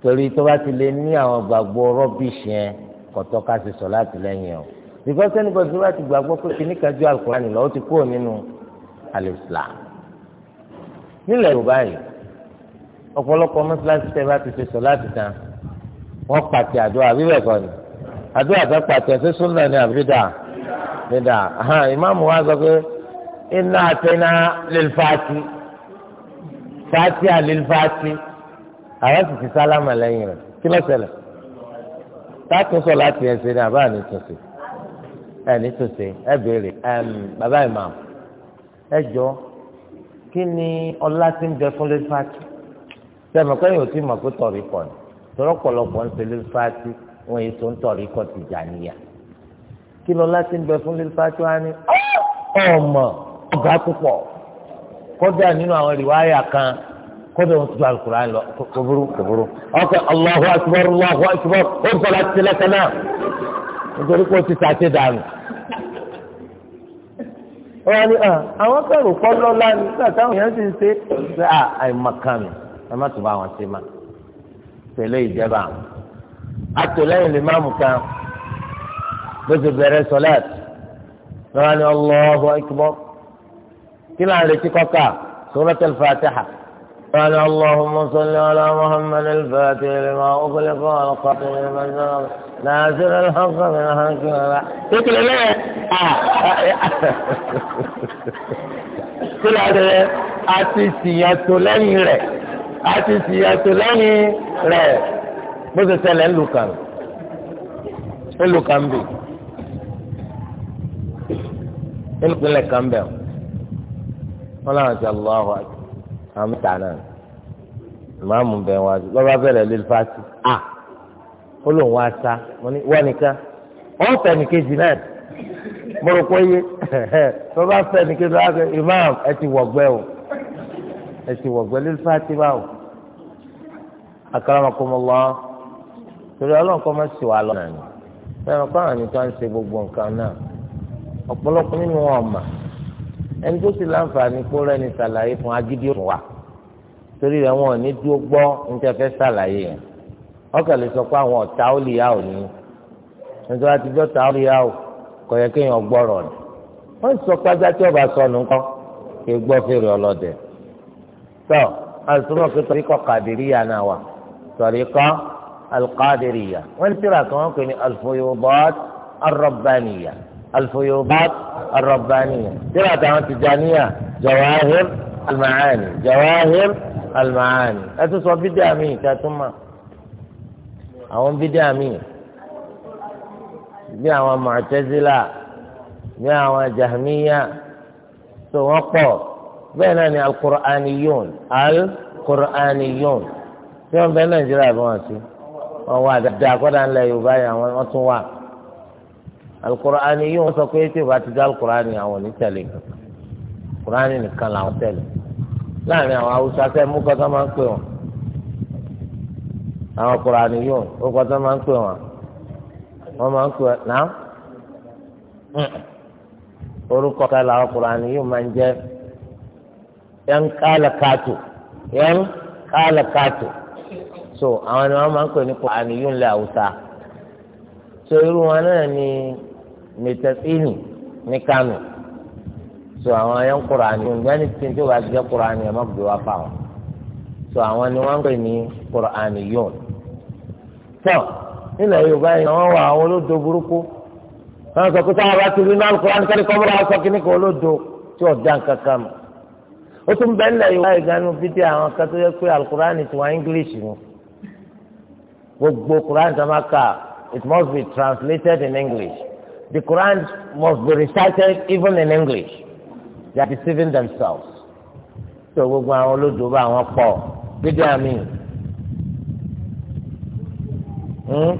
torí tó bá ti lè ní àwọn gbàgbọ́ rọ́bìṣì kọ̀tọ́ ká ṣe sọ láti lẹ́yìn ẹ̀ o because anybody tó bá ti gbàgbọ́ pé kìíní kan ju alukurani lọ ó ti kúrò nínú alislam nílẹ̀ yorùbá yìí ọ̀pọ̀lọpọ̀ mọ́sálásí tẹ́ bá ti ṣe sọ láti tán wọ́n pàtẹ àdúrà bíbẹ̀ kọ́ ni àdúrà tó pàtẹ ṣé súnà ni àbídà bídà ìmáàmù wa sọ pé iná àtẹná lilfati fati àlilfati àwọn sì ti sálámà lẹ́yìn rẹ̀ kí ló ṣẹlẹ̀ sátúnṣọ láti ẹsẹ ní àbá ní túnṣe ẹ ní túnṣe ẹ béèrè bàbá imam ẹ jọ kí ni ọlá ti ń bẹ fún lẹ́fàtì sẹ́mi kẹ́yìn ò tí mọ̀ pé tọ̀rí kọ̀ ni tọ́rọ̀ pọ̀lọpọ̀ ń ṣe lẹ́fàtì wọn èyí tó ń tọ̀rí kọ̀ ti jà níyà kí ni ọlá ti ń bẹ fún lẹ́fàtì wa ni ọmọ ọgá púpọ̀ kọjá nínú àwọn ìwáyà kan kódà wọn ti ju alukur'an lọ kò burú kò burú ọkọ Allahu akbar Allahu akbar ó ń sọlá tilẹ̀ kaná nítorí pé ó ti sàṣẹ dànù. wọ́n ní ah, àwọn kẹrù kọ́ lọ́la ní sàtà àwọn èèyàn ń ṣe ṣe ah, àìmọ̀kànnù ẹ má tún bá wọn ṣe má tẹ̀lé ìjẹba àwọn. atòlẹ́yìn lè máàmù kan bó ti bẹ̀rẹ̀ sọlẹ́t wọ́n ní Allahu akbar kí láàrin retí kọ́kà suratul Fatiha. قال اللهم صل على محمد الفاتح لما أغلق والقاتل لما زرق نازل الحق من حق ولا تقول ليه آه. كل هذا أتسيات لني له أتسيات لني له بس سأل لوكان لوكان بي لوكان لوكان بي ولا الله àwọn mẹ́ta náà ìmáàmù bẹ̀ wá sí lọ́ba bẹ̀rẹ̀ lè fa sí a ó lòun wá sá wọ́n nìkan wọ́n fẹ́ nìkejì náà mo rò pé yé lọ́ba fẹ́ nìkejì náà ìmáàmù ẹ ti wọ̀gbẹ́ o ẹ ti wọ̀gbẹ́ lè fa sí báwo akaramakomọlọ torí ọlọ́run kọ́ máa ń sèwà lọ́nà ni ẹnì kan àní tó ń ṣe gbogbo nǹkan náà ọ̀pọ̀lọpọ̀ nínú wọn ọ̀ma ẹni tó sì láǹfààní kó rẹni ṣàlàyé fún agídí òtún wa torí rẹ̀ wọn ò ní dúró gbọ́ níta fẹ́ ṣàlàyé yẹn ọkàn lè sọ pé àwọn ọ̀tá ó lè yá ò ní nítorí àtijọ́ ọ̀tá ó lè yá ò kò yẹ kéèyàn gbọ́rọ̀ ni wọ́n sọ pé ajá tí ọba sọnù ńkọ́ kì í gbọ́ fèrè ọlọ́dẹ tọ́ àtúntò pé torí kọ́ kàdìríyà náà wà torí kọ́ alùkàdìríyà wọ́n ti rà kí wọ́n pè ní alfuyubat arọ̀bániyà alfuyubat الربانية ترى تعالى تجانية جواهر المعاني جواهر المعاني أتسوى بدي أمين كاتما أو بدي أمين bí àwọn mọ̀tẹ́sílà bí àwọn jahmiya tó wọ́n pọ̀ bẹ́ẹ̀ náà ni alukur'aniyun alukur'aniyun tí wọ́n bẹ nàìjíríà bí wọ́n ti wọ́n wà dáadáa kọ́dà ńlẹ̀ yorùbá yẹn wọ́n tún wà alukur'ani yìí wọ́n sọ pé tí o bá ti dá alukur'ani àwọn onítẹ̀lẹ̀ alukur'ani nìkan làwọn tẹ̀lé láàrin àwọn haúsá fẹ́ mú kọ́tà máa ń pè wọ́n àwọn alukur'ani yìí wọ́n kọ́tà máa ń pè wọ́n wọ́n máa ń pè náà orúkọ kan làwọn alukur'ani yìí máa ń jẹ́ yẹn kálẹ̀ káàtó yẹn kálẹ̀ káàtó so àwọn ni wọ́n máa ń pè ní alukur'ani yìí ń lẹ̀ haúsá so irú wọn náà ni mẹtẹsínì ní kánò so àwọn ayé ń kura ni ǹjẹ́ ní tí tí o bá jẹ́ kura ni ẹ má gbé wá fà wọn so àwọn ni wọ́n ń pè ní kura ni yóò tán nílẹ̀ yorùbá yìí wọ́n wà àwọn olódo burúkú wọ́n sọ pé táwọn bá ti rí náà kura ní kẹ́lẹ́kọ́ bọ́lá sọ kí ní kò olódo tí ò dán kankan mọ́ ó tún bẹ́ẹ̀ nílẹ̀ yorùbá yìí ganu fídíò àwọn kan yẹ pé alukura ni tiwọn english ni gbogbo kura ni sọ ma kà it must be translated in english the Quran must be recited even in English. They are deceiving themselves. So gbogbo àwọn olódòwò àwọn pọ̀ bíbí àmì. Hmm?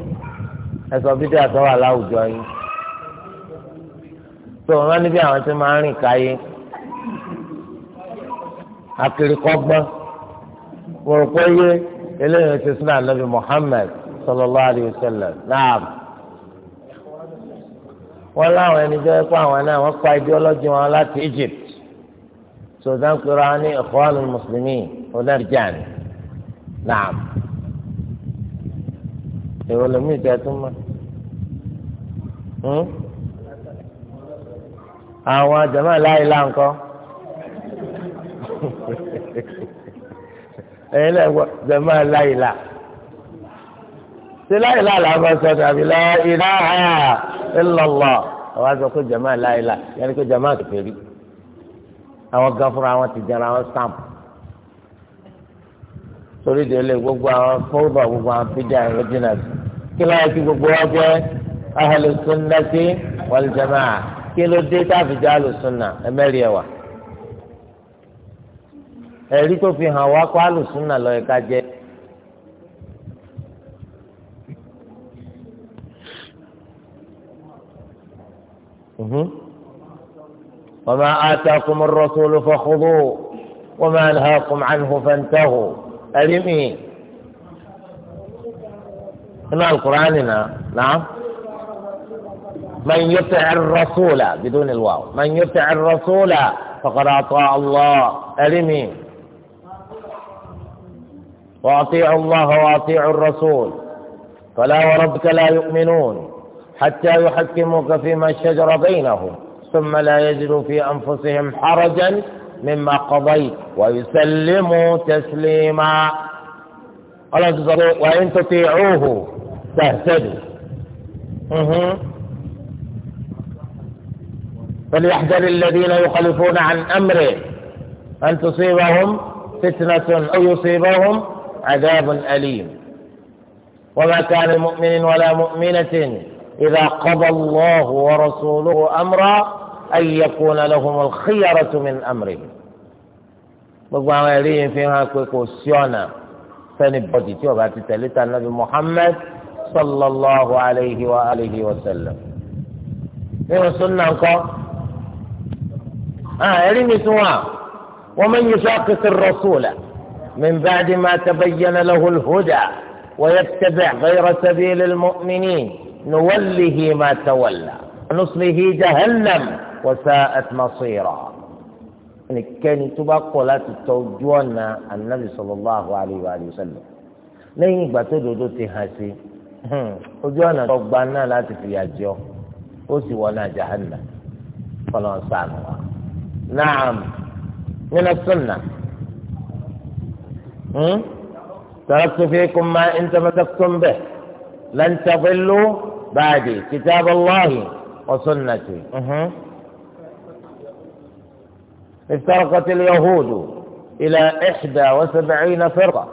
Ẹ sọ bíbí àtọ́ wà láwùjọ yìí. So wọ́n níbi àwọn tí máa ń rìn káyé. Akirikọ́gbọ́n. Wọ́n rò pé yé eléyìí ti sinmi ànábì Muhammad sallallahu alayhi wa sallam. Naam wọ́n láwọn ẹni tó yẹ kó àwọn náà wọ́n kó ideology wọn láti Egypt sudan pera wọn ní Ikhwanul Muslimin onarjan naam èrò lómi ìjà tó mọ àwọn jama láìla ńkọ́ ẹyin lẹ wọ jama láìla ṣe láìla làwọn sọ tàbí láìla illallah àwọn aṣọ pé jama láìla yẹn ni pé jama kẹfẹẹri àwọn gan fúnra wọn ti jẹra wọn stamp torí délé gbogbo àwọn fọwọ́bà gbogbo àwọn fídíà ẹ̀rọ dínà sí kí láyé kí gbogbo wọn jẹ ahlu sunnati wal jamaa kí ló dé táfìjà ahlu sunna ẹmẹ́rì ẹ̀wà ẹ̀rí tó fi hàn wá kó ahlu sunna lọ́ọ́ ẹ̀ka وما آتاكم الرسول فخذوه وما أنهاكم عنه فانتهوا ألمي هنا القرآن هنا نعم من يطع الرسول بدون الواو من يطع الرسول فقد أطاع الله ألمي وأطيعوا الله وأطيعوا الرسول فلا وربك لا يؤمنون حتى يحكموك فيما شجر بينهم ثم لا يجدوا في أنفسهم حرجا مما قضيت ويسلموا تسليما وإن تطيعوه تهتدوا فليحذر الذين يخالفون عن أمره أن تصيبهم فتنة أو يصيبهم عذاب أليم وما كان مؤمن ولا مؤمنة إذا قضى الله ورسوله أمرا أن يكون لهم الخيرة من أمرهم بقوا عليهم فيما كوكو سيونا ثاني بودي تيوبا تتلت النبي محمد صلى الله عليه وآله وسلم إيه سنة آه يريني سواء ومن يشاقق الرسول من بعد ما تبين له الهدى ويتبع غير سبيل المؤمنين نوله ما تولى نصله جهنم وساءت مصيرا يعني كان تبقى لا تتوجونا النبي صلى الله عليه وآله وسلم لين يبقى دودو تهاسي وجونا ربنا لا تفياجو وسوانا جهنم فلان سانوا نعم من السنة تركت فيكم ما إن تمسكتم به لن تضلوا بعدي كتاب الله وسنتي افترقت اليهود إلى إحدى وسبعين فرقة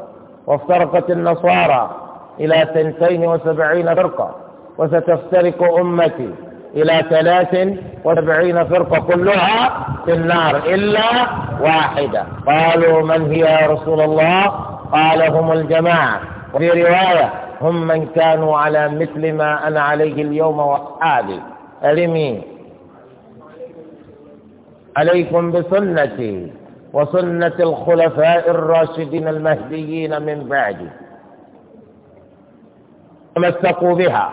وافترقت النصارى إلى ثنتين وسبعين فرقة وستفترق أمتي إلى ثلاث وسبعين فرقة كلها في النار إلا واحدة قالوا من هي يا رسول الله قال هم الجماعة وفي رواية هم من كانوا على مثل ما أنا عليه اليوم وحالي أرمي عليكم بسنتي وسنة الخلفاء الراشدين المهديين من بعدي تمسكوا بها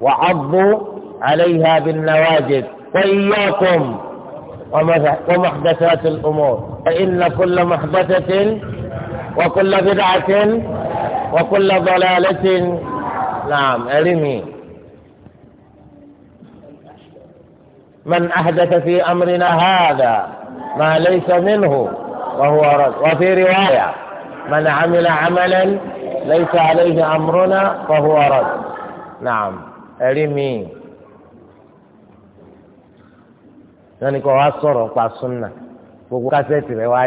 وعضوا عليها بالنواجذ وإياكم ومحدثات الأمور فإن كل محدثة وكل بدعة وكل ضلالة نعم أرمي من أحدث في أمرنا هذا ما ليس منه وهو رد وفي رواية من عمل عملا ليس عليه أمرنا فهو رد نعم أرمي يعني كو أصر وقع السنة وقع سيتي وقع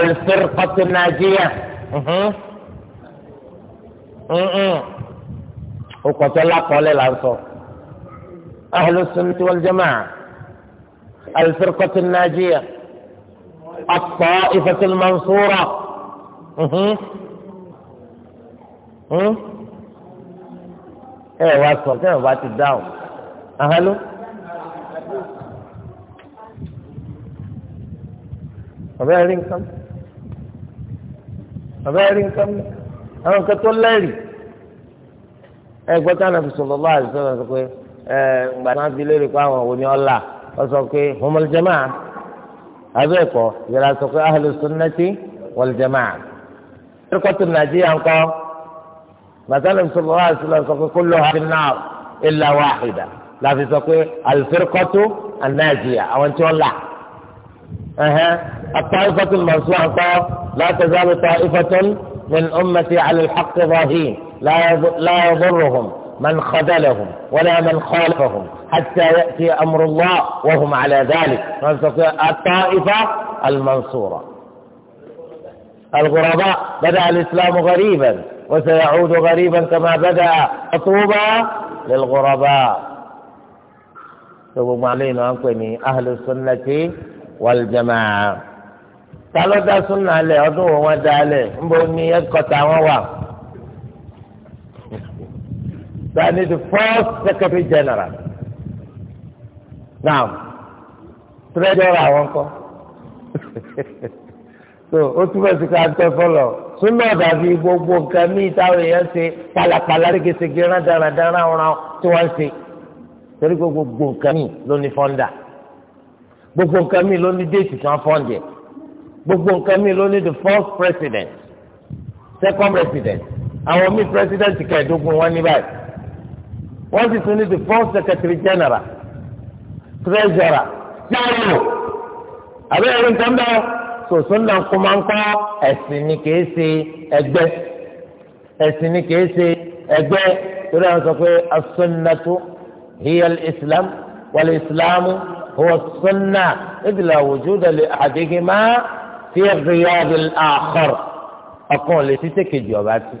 الفرقة الناجية وقتل قول الأنصار أهل السنة والجماعة الفرقة الناجية الطائفة المنصورة ẹ wá sọ kí ẹ bá ti dáhùn ahalo. ọ̀bẹ́ rí nǹkan ọ̀bẹ́ rí nǹkan àwọn nǹkan tó lẹ́rìí ẹ gbọ́ táwọn àfi sọ̀rọ̀ lọ́wọ́ àti sọ̀rọ̀ sọ pé ẹ ǹgbà tí wọ́n fi lérè pé àwọn òní ọ̀la ọ sọ pé humul abẹ́ ẹ̀kọ́ yẹra sọ pé ahlu sunnati wal jamaa nàìjíríà ńkọ́ bàtàlẹ̀ sọ̀rọ̀ àti sọ̀rọ̀ sọ pé kulluha fin nar illa wahida الطائفة المنصورة لا تزال طائفة من أمتي على الحق ظاهرين لا لا يضرهم من خذلهم ولا من خالفهم حتى يأتي أمر الله وهم على ذلك الطائفة المنصورة الغرباء بدأ الإسلام غريبا وسيعود غريبا كما بدأ خطوبة للغرباء سبحان علينا أنكم أهل السنة والجماعة ta ló dá súnà lẹ̀ ọdún wo wọ́n dá lẹ̀ ńbọ ní ẹ̀kọ́ta wọn wà. that is the first secretary general now treasurer àwọn kọ́ so ó túbọ̀ sí ká tẹ́ fọlọ́ súnà dàbí gbogbo nǹkan míì táwọn èèyàn ṣe pàlàpàlà régesège rán dáradára ọ̀ràn tí wọ́n ń ṣe torí gbogbo nǹkan míì ló ní fọ́ńdà gbogbo nǹkan míì ló ní déètì tí wọ́n fọ́ǹdì ẹ̀ gbogbo nǹkan mi ló ní the first president second president àwọn mi president kẹẹ̀ẹ́dógún wọn ní báyìí wọ́n sì tún ní the first secretary general treasurer yàrá àbẹ́rẹ́ nǹkan bẹ́ẹ̀ sòsún náà kó máa ń kọ́ ẹ̀sìn ni kìí ṣe ẹgbẹ́ ẹ̀sìn ni kìí ṣe ẹgbẹ́ torí àwọn sọ pé as-sunnatu hiya al-islam wal-islamu huwa as-sunnah idh la wujuda fi riyadil akhar ọkàn lè ti tẹkẹjì ọba ti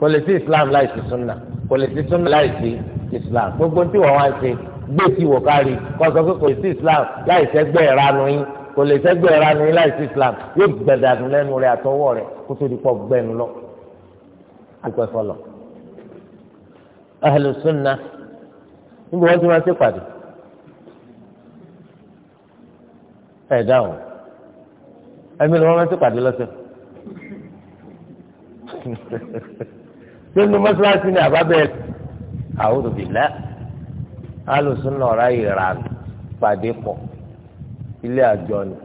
kò lè sí islam láì sí sunna kò lè sí sunna láì sí islam gbogbo tí wọn wá ń ṣe gbé tí wò kárí kó sọ pé kò lè sí islam láì sẹgbẹ ìranu yín kò lè sẹgbẹ ìranu yín láì sí islam yóò gbẹdàdù lẹ́nu rẹ̀ àtọwọ́ rẹ̀ kó tó di pọ gbẹnu lọ àgbẹ fọlọ. ahlu sunna níbo wọn ti máa ṣèpàdé ẹ dáhùn ẹ̀mí ni wọ́n rántí pàdé lọ́sẹ̀. sínú mọ́ṣáláṣí ni àbábẹ́ àwòrán bìlá alùsùn náà ráyè ràn pàdé pọ̀ ilé àjọ ni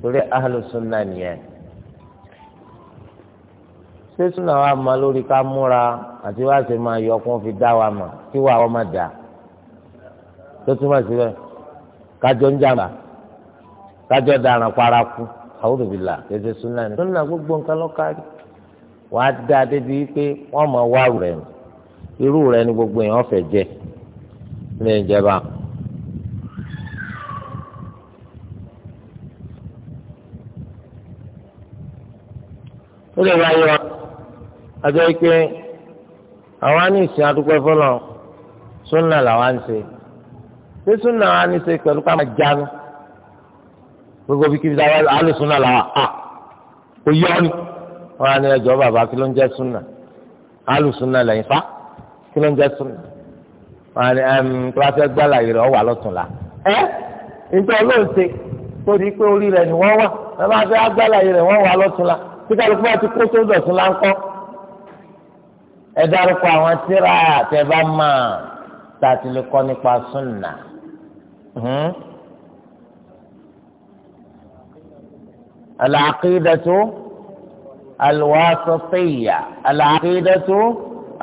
torí alùsùn náà nìyẹn sẹ́sùn náà wà má lórí ká múra àti wá sí máa yọ kó fi dá wa mà kí wà wọ́n má dà tó túmọ̀ síbẹ̀ kájọ ń jàmbá kájọ daràn paraku àwùjọ bìlà kẹsẹ̀ súnà ni súnà gbogbo nǹkan lọ́kàrí wàá dá a débi pé wọ́n mọ wáwù rẹ̀ nù irú rẹ̀ ni gbogbo yẹn ọ̀fẹ́ jẹ́ ní ìjẹba. ó lè wáyé wa àjọ pé àwa ní ìsìn adúgbò fọlọ súnà làwa ń ṣe ṣé súnà wa ní ṣe pẹ̀lú ká máa jánu gbogbo bí kíbi táwa alùsùnà làwà á òye ọ́ni wọn á ní ẹjọ́ bàbá kí ló ń jẹ́ súnà alùsùnà lẹ́yìn fa kí ló ń jẹ́ súnà wọn á ní ẹm kíláṣẹ gbàlà yìí rẹ ọ wà lọ́tùnla ẹ níta olóhùn ṣe tó di pé orí rẹ ni wọ́n wà ẹ máa fẹ́ agbàlà yìí rẹ wọ́n wà lọ́tùnla tí kálukú bá ti kó tó dọ̀tún láńkọ́ ẹ dárúkọ àwọn tíra tẹ bá máa tàtìlẹ́kọ́ nípa súnà. Hmm? العقيدة الواسطية العقيدة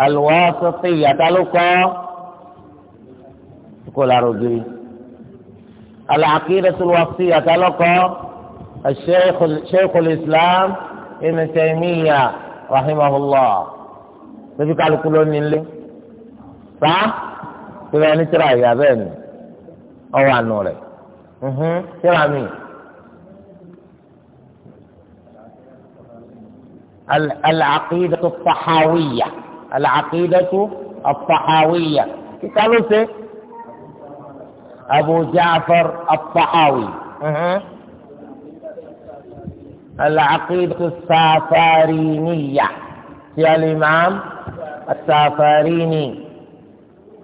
الواسطية تلقى كل رجل العقيدة الواسطية تلقى الشيخ شيخ الإسلام ابن تيمية رحمه الله تبي قال كلون اللي صح تبي أنا ترى يا بني أو عنوري أها ترى مين العقيدة الطحاوية العقيدة الطحاوية قالوا سي أبو جعفر الطحاوي أه. العقيدة السافارينية في الإمام السافاريني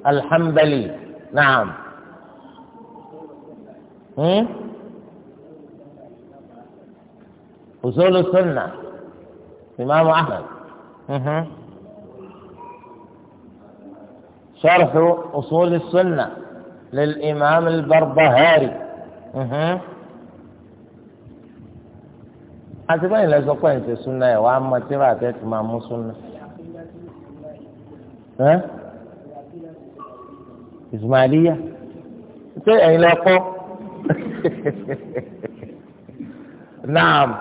الحنبلي نعم أصول السنة الإمام أحمد شرح أصول السنة للإمام البربهاري أنت بين لازم قوين في السنة وعما ترى تتمام السنة ها؟ إسماعيلية تأين لقو نعم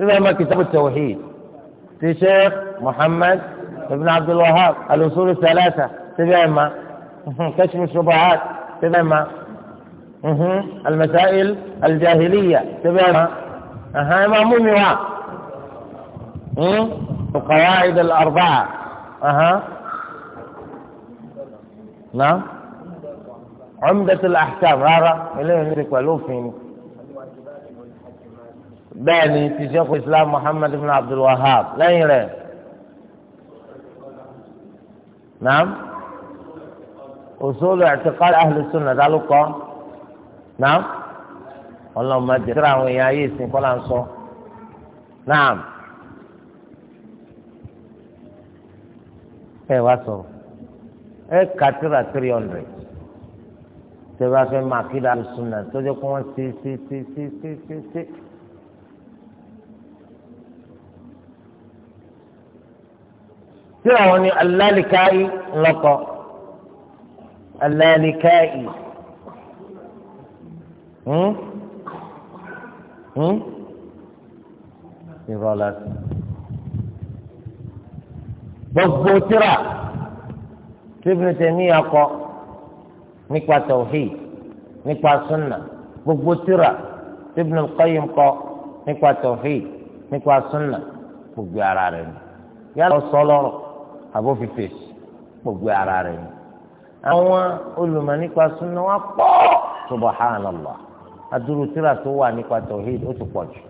ما كتاب التوحيد في شيخ محمد بن عبد الوهاب الأصول الثلاثة تبعما كشف الشبهات تبعما المسائل الجاهلية تبعما أها ما مأمومها القواعد الأربعة أها نعم عمدة الأحكام هذا إليه نريك ولوفين bẹ́ẹ̀ ni ti sẹ́kù islam muhammad ibn abdul wahab lẹ́yìn rẹ̀ naam usulu i'tiqad ahli sunnah dálùkọ́ naam ọlọ́mọdé kíra àwọn èèyàn ayé ìsìn kọ́lá ń sọ naam ẹ wá sọ̀rọ̀ ẹ kàtírà three hundred tẹ bá fẹ́ máa kí dáhùn sunnah tó jẹ́ kó wọ́n sí sí sí sí sí sí tí àwọn ni alálìkáì ńlọkọ alálìkáì hmm? hmm? ìrọ̀lá gbogbo tíra tíbi tẹ̀mí akọ nípa tawhid nípa sunna gbogbo tíra tíbi Qayyim kọ nípa tawhid nípa sunna gbogbo ara rẹ̀ ni yálà sọlọ́rọ̀ àbó fi fèsì gbogbo ara rẹ̀ ni àwọn olùmọ̀ nípa súnà wọn pọ̀ subhanallah adúrútìrà tó wà nípa tawhid ó ti pọ̀ jù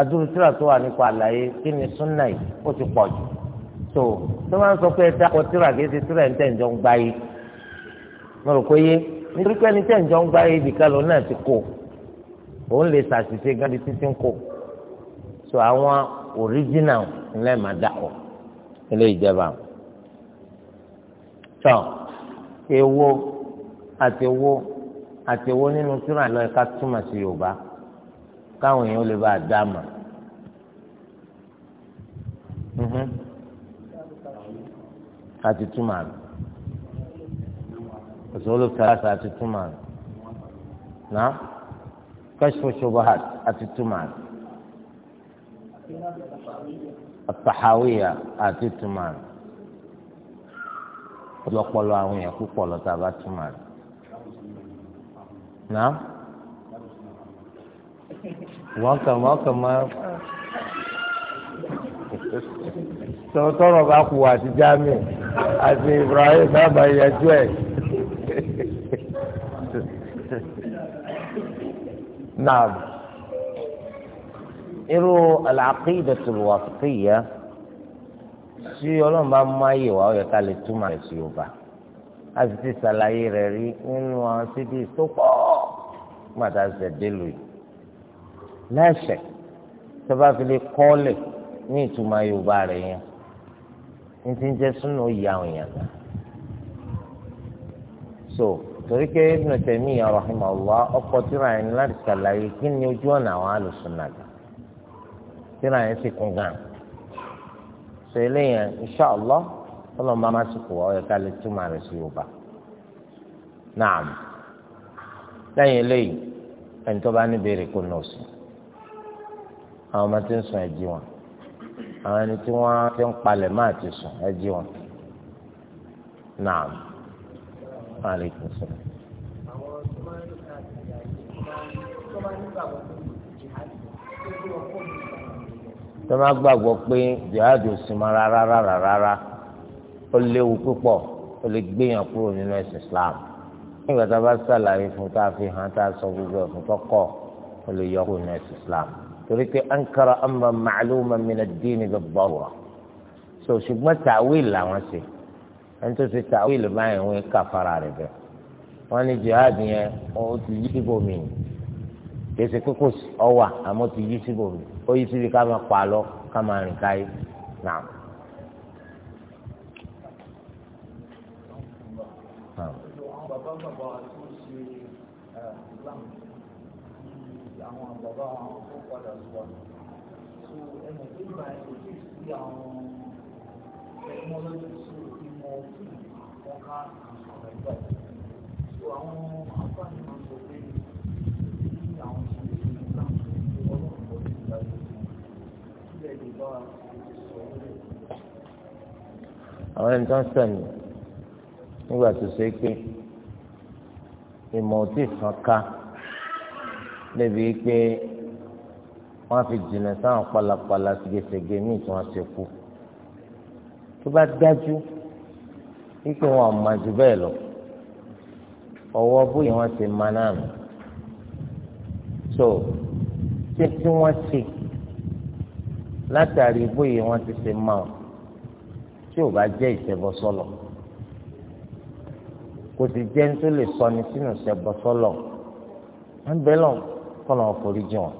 adúrútìrà tó wà nípa àlàyé kí ni súnà yìí ó ti pọ̀ jù tó tó máa ń sọ pé ẹ dákọ̀ tìrà kì í ṣe tìrà ẹ̀ ń tẹ̀ ń jọ ń gbáyé mo rò pé yé nítorí pé ẹni tẹ̀ ń jọ ń gbá ibi kan lòun náà ti kó òun lè ṣàṣìṣe gan bí títí ń kó so àwọn original ńlẹ̀ máa dà ọ́ ilé ìjẹba tọ ewo àti ewo àti ewo nínú túnra lọ ẹka túmọ̀ sí yorùbá káwọn èèyàn lè bá a dá mà àti mhm. túmọ̀ àná òṣèlú kẹrẹsà àti túmọ̀ àná nà kẹsìfò ṣọba àti túmọ̀ àná àtàhàwìyà àti tùmàn ọlọpọlọ àwọn èèyàn púpọ̀ lọ́tà bá tùmàn náà wọ́n kàn wọ́n kàn máa tọrọ bá kú àti jami àti Ibrahim bàbá yẹjú ẹ náà irú al-aqidatul wasitiyya tí ọlọ́run bá mú ayé wa ó yẹ ká lè túmọ̀ rẹ̀ sí yorùbá a sì ti ṣàlàyé rẹ̀ rí nínú àwọn síbí tó pọ̀ gbàtà ṣẹ̀dẹ́lù lẹ́sẹ̀ tó bá fi lè kọ́lẹ̀ ní ìtumọ̀ yorùbá rẹ̀ yẹn ní ti ń jẹ́ súnú òye àwọn èèyàn náà so torí pé Ibn Taymiyyah rahimahullah ọkọ̀ tíra ẹni láti ṣàlàyé kí ni ojú ọ̀nà àwọn alùsùn náà tíra yẹn sì kún gan so eléyẹn inṣàlọ ọlọmọ máa sì kú ọyọ ká lè túmọ̀ rẹ̀ sí yorùbá náà lẹ́yìn eléyìí ẹni tó bá ní béèrè kó nà sí àwọn ọmọ tí ń sùn ẹjí wọn àwọn ẹni tí wọ́n ti ń palẹ̀ máa ti sùn ẹjí wọn náà máa ń rí káàkiri tó má gbàgbọ́ pé jihadi ò sinmi rárá rárá rárá ó léwu púpọ̀ ó lè gbéyàn kúrò nínú ẹ̀sìn Islam nígbà tá a bá sàlàyé fún tá a fi hàn tá a sọ gbogbo ẹ̀fún tọkọ ó lè yọ kúrò nínú ẹ̀sìn Islam torí pé ankara amra ma'luman min ad-din bid-darura so ṣùgbọ́n tàwíìlì làwọn ṣe ẹni tó ṣe tàwíìlì báyìí wọn kà fara rẹ̀ bẹ́ẹ̀ wọ́n ní jihadi yẹn ó ti yí ibòmíì kèsì kókò ọwà àmọ́ ti yí síbò mi ó yí síbi ká máa pa lọ ká máa rìn káyé náà. Àwọn àǹfààní àwọn ẹni tó ń sẹ̀mí nígbà tó ṣe pé ìmọ̀ òtí fọ́n ká débi pé wọ́n fi jìnnà sáwọn pálapàla ségesège míì tí wọ́n ṣe kú tó bá dájú wípé wọn ò mà jù bẹ́ẹ̀ lọ ọwọ́ bóyá wọ́n ti máa náà so tí wọ́n ṣe látàrí bóyá wọn ti ṣe máa tí ò bá jẹ́ ìṣẹ́bọsọ́lọ̀ kò sì jẹ́ ní tó lè sọ ní sínú ìṣẹ́bọsọ́lọ̀ ń bẹ́ lọ kọ́nà ọ̀foríjì wọn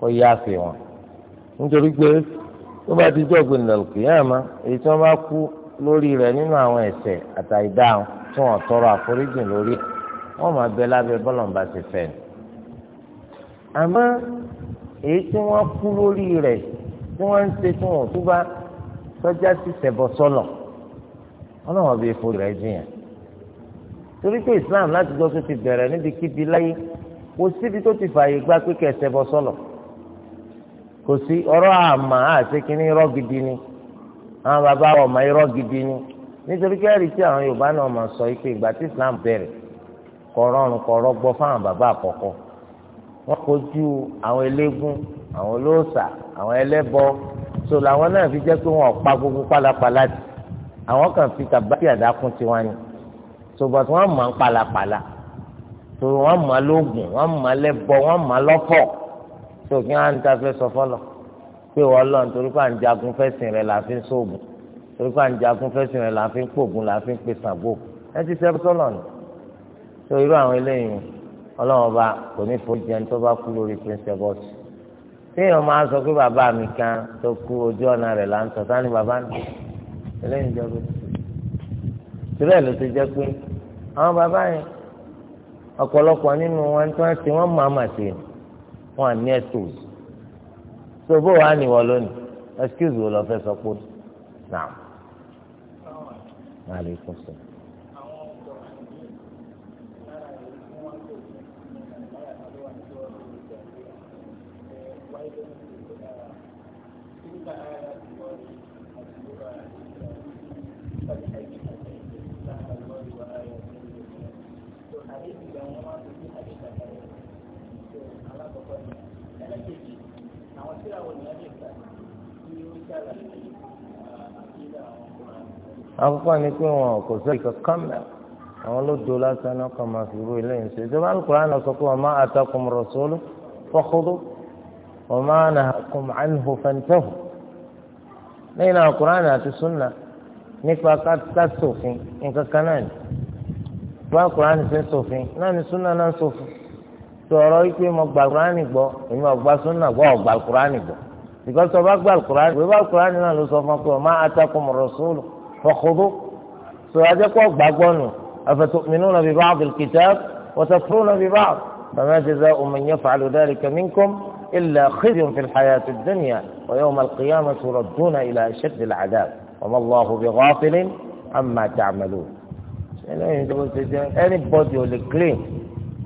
kó yá àfẹ́ wọn nítorí pé tó bá ti jọ́gbìn ìdàlùkù yára má èyí tí wọ́n bá kú lórí rẹ̀ nínú àwọn ẹ̀ṣẹ̀ àtàìdáhùn tí wọ́n tọrọ àforíjì lórí wọ́n máa bẹ lábẹ́ bọ́lọ̀mbà ti fẹ́ ni àmọ́ èyí tí wọ́n kú lórí rẹ̀ tí wọ́n ń ṣe tí wọ́n tún bá sọ́jà sí sẹ̀bọ̀ sọ́lọ̀ ọlọ́wọ́n bíi epo rẹ̀ jìyàn torí pé Islam láti gbọ́ tó ti bẹ̀rẹ̀ níbi kíbi láyé kò síbi tó ti fààyè gbà pé kẹsẹ̀ bọ́ sọ́lọ̀ kò sí ọ̀rọ̀ àmà àti kínní irọ́ gidi ni àwọn bàbá ọmọ irọ́ gidi ni nítorí kẹ́rì tí àwọn Yorùbá náà máa sọ pé ìgbà tí Islam bẹ̀rẹ̀ kọ̀ rọrùn kọ̀ rọgbọ fáwọn bàbá àkọ́kọ́ wọn kojú àwọn eléégún àwọn olóòṣà àwọn ẹlẹ́bọ so làwọn náà fi jẹ́ pé wọn pa gbogbo pálapàla tì àwọn kan fi tàbátì àdákùn tiwọn ni so but wọn mọ̀ ń pálapàla so wọn mọ̀ lóògùn wọn mọ̀ lẹ́bọ wọn mọ̀ lọ́fọ̀ so kí wọn á ń ta fẹ́ sọ fọlọ pé wọn lọ nítorí pé à ń jagun fẹ́sìn rẹ̀ là fi ń sóògùn torí pé à ń jagun fẹ́sìn rẹ̀ là fi ń pògùn là fi ń pe sàgbó ẹ ti sẹ́ sọ́lọ̀ ni so irú àwọn eléyìí ọlọ́wọ́n bá kò ní fojú ẹni tó bá kú lórí pé ń sẹ́ téèyàn máa sọ pé bàbá mi kan tó kú ojú ọ̀nà rẹ̀ là ń sọ sani bàbá mi eléyìí jọ pé tìrẹ̀ ló ti jẹ́ pé àwọn bàbá yẹn ọ̀pọ̀lọpọ̀ nínú wọn tí wọ́n ti wọ́n mọ̀ àmà sí wọn àní ẹ̀tọ́ so bó wàá nìwọ lónìí excuse wo lọ fẹ́ sọ pé nà. Aleykum salaam. akọ́kọ́ ni pé wọn kò sọ ìkankan mẹ́ àwọn ló do lásán náà kàn máa fi ru eléyìí ṣe ìjọba alukóra náà sọ pé wọn máa atakum rasulu fakhudhu wọn máa nahakum anhu fantahu lẹ́yìn náà Kùránì àti súnà nípa ká nǹkan kan náà ni bá Kùránì ṣe sófin náà ni súnà náà sófin sọ̀rọ̀ wípé mo gba alukurani gbọ́ èmi ọ̀ gba sunna gbọ́ ọ̀ ọ̀gba alukurani gbọ́ ìgbà tó o bá gba alukurani wípé alukurani náà ló sọ fún pé ma atakum rasul fakhudhu sọ adékọ́ ọ̀gba gbọ́nù afatu'minuna bi ba'dil kitab wa nà bi ba'd fama jaza'u man yaf'alu dhalika minkum illa ọmọ fil hayatid dunya wa yawmal qiyamati yuradduna ila ashaddil 'adab wa ma Allahu bighafilin amma ta'malun ẹni bọ́dì ò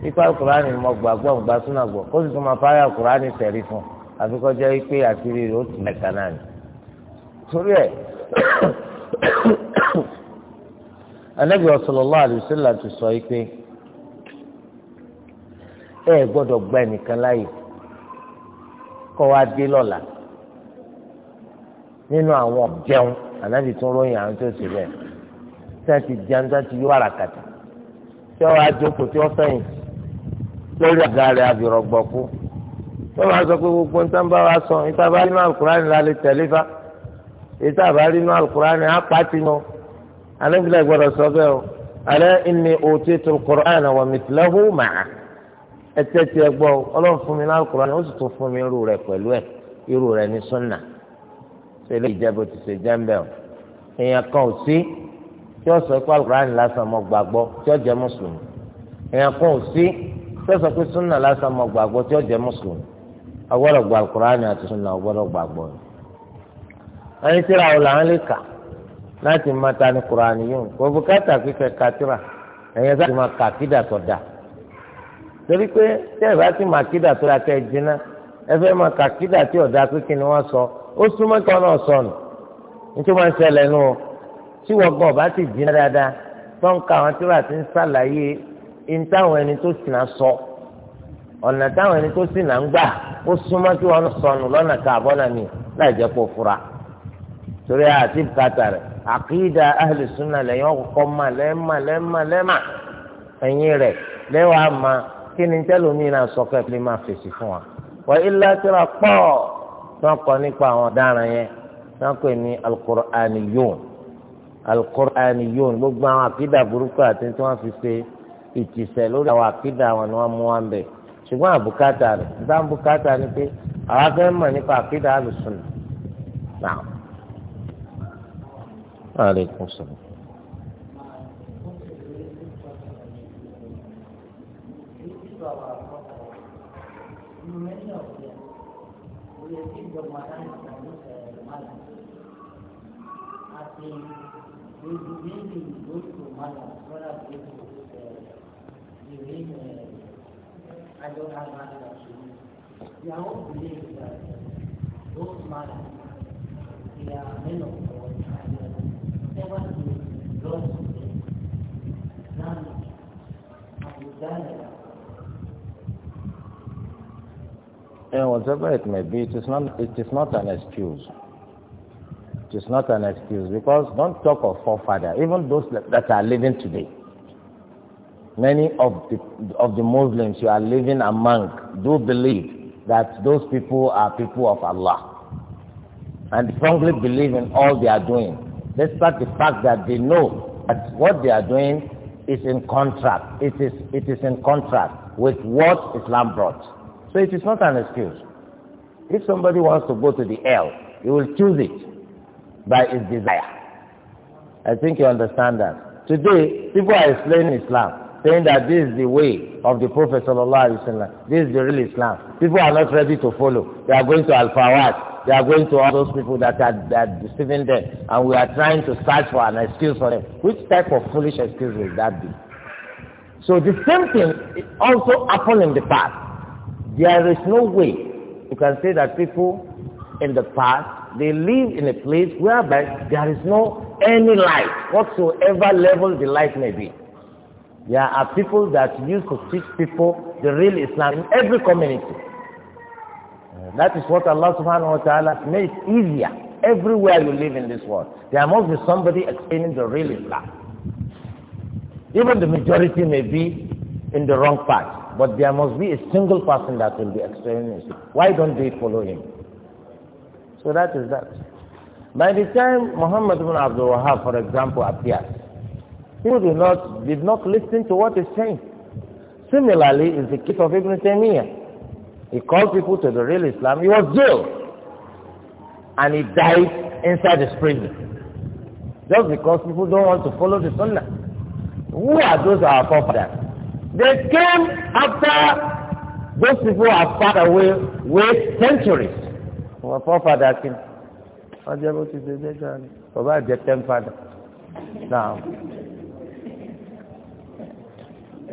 ikú alukurani mọ gbàgbọ́ ń gba súnà gbọ́ kó sì tún máa fáyà alukurani tẹ̀lé fún àfi kọjá pé àtìrí rẹ̀ ó tún mẹ́ta náà ni. torí ẹ̀ anabi sallallahu alaihi wasallam ti sọ pé ẹ gbọ́dọ̀ gba ẹnìkan láàyè kó wá dé lọ́la nínú àwọn ọ̀jẹun anabi tún ròyìn àwọn tó ti rẹ̀ tí wọ́n ti jẹun tí wọ́n ti yọ àràkàtà tí wọ́n á jókòó tí wọ́n fẹ̀yìntì lórí àga rẹ̀ àbìrọ̀gbọ̀kú tó máa sọ pé gbogbo ń tán bá wa sọ ìta bá rí inú alukurani la lè tẹ̀lé fa ìta bá rí inú alukurani apáti nù alẹ́bílẹ̀ gbọ́dọ̀ sọ bẹ́ẹ̀ o alẹ́ ìní òtí tó alukurani wà mìtìlẹ́hù màá ẹ tẹ́tí ẹ gbọ́ ọlọ́run fún mi ní alukurani ó sì tún fún mi irú rẹ̀ pẹ̀lú ẹ̀ irú rẹ̀ ní sunna ṣẹlẹ̀ ìjẹ́bù ti ṣe jẹ́ńbẹ́ o èèyàn kan ò sọ́sọ́ pé súnà lásán mọ tí ó jẹ mùsùlùmí ọgbọ́dọ̀ gba alukur'ani àti súnà ọgbọ́dọ̀ gbàgbọ́ ni. ẹni tí ra ọ̀la ń lè kà láti máa ta ni yìí kò bùkátà ẹ̀yẹ sáà ti kà kídà tó torí pé tẹ́ bá ti kídà tó kẹ́ jiná ẹ fẹ́ kà kídà tí ọ̀dà sọ ó súnmọ́ kí wọ́n náà nítorí wọ́n ṣẹlẹ̀ nù tí wọ́n gbọ́ in táwọn ẹni tó sì náà sọ ọ̀nà táwọn ẹni tó sì náà ń gbà ó súnmọ́ kí wọ́n sọnù lọ́nà kàbọ́nà mi láì jẹ́ kó fura torí àti bùkátà rẹ̀ àkìdá ahlùsúnà lẹ́yìn ọkọ̀ mà lẹ́ẹ̀mà lẹ́ẹ̀mà lẹ́ẹ̀mà ẹ̀yìn rẹ̀ lẹ́wàá ma kí ni tẹ́lómìnira sọ̀kẹ́ fi máa fèsì fún wa wọ́n ilé tíra pọ̀ tó ń kọ́ nípa àwọn ọ̀daràn yẹn tó ń pè ní alukur'aniyun alukur'aniyun gbogbo àwọn àkìdá burúkú àti tí wọ́n fi ṣe ìtìsẹ̀ lórí àwọn àkídà wọn ni wọ́n mú wọn bẹ̀ ṣùgbọ́n àbùkátà rẹ̀ nígbà àbùkátà ni pé àwọn afẹ́ mọ̀ nípa àkídà àlùsùn náà. Aleykum salaam. Thank you. I don't have money that she I don't believe that those men, they are men of God and they never to God's knowledge and desire. And whatever it may be, it is not it is not an excuse. It is not an excuse because don't talk of forefather, even those that, that are living today. many of the, of the Muslims you are living among do believe that those people are people of Allah and strongly believe in all they are doing, despite the fact that they know that what they are doing is in contrast. It is, it is in contrast with what Islam brought. So it is not an excuse. If somebody wants to go to the hell, he will choose it by his desire. I think you understand that. Today, people are explaining Islam saying that this is the way of the Prophet sallallahu alaihi wasallam. This is the real Islam. People are not ready to follow. They are going to Al Fawad. They are going to all those people that are, that are deceiving them, and we are trying to search for an excuse for them. Which type of foolish excuse will that be? So the same thing also happened in the past. There is no way you can say that people in the past they live in a place whereby there is no any light whatsoever level the light may be. There are people that used to teach people the real Islam in every community. Uh, that is what Allah subhanahu wa ta'ala made easier everywhere you live in this world. There must be somebody explaining the real Islam. Even the majority may be in the wrong path, but there must be a single person that will be explaining it. Why don't they follow him? So that is that. By the time Muhammad ibn Abdul Wahab, for example, appears, who do not, did not listen to what is saying. Similarly, is the case of Ibn Taymiyyah. He called people to the real Islam. He was jailed. And he died inside his prison. Just because people don't want to follow the Sunnah. Who are those our forefathers? They came after those people are far away with centuries. Our forefathers came. Ọjọ́ bó ti ṣe dé sáré. Bàbá àjẹtẹ́ ń padà. Now.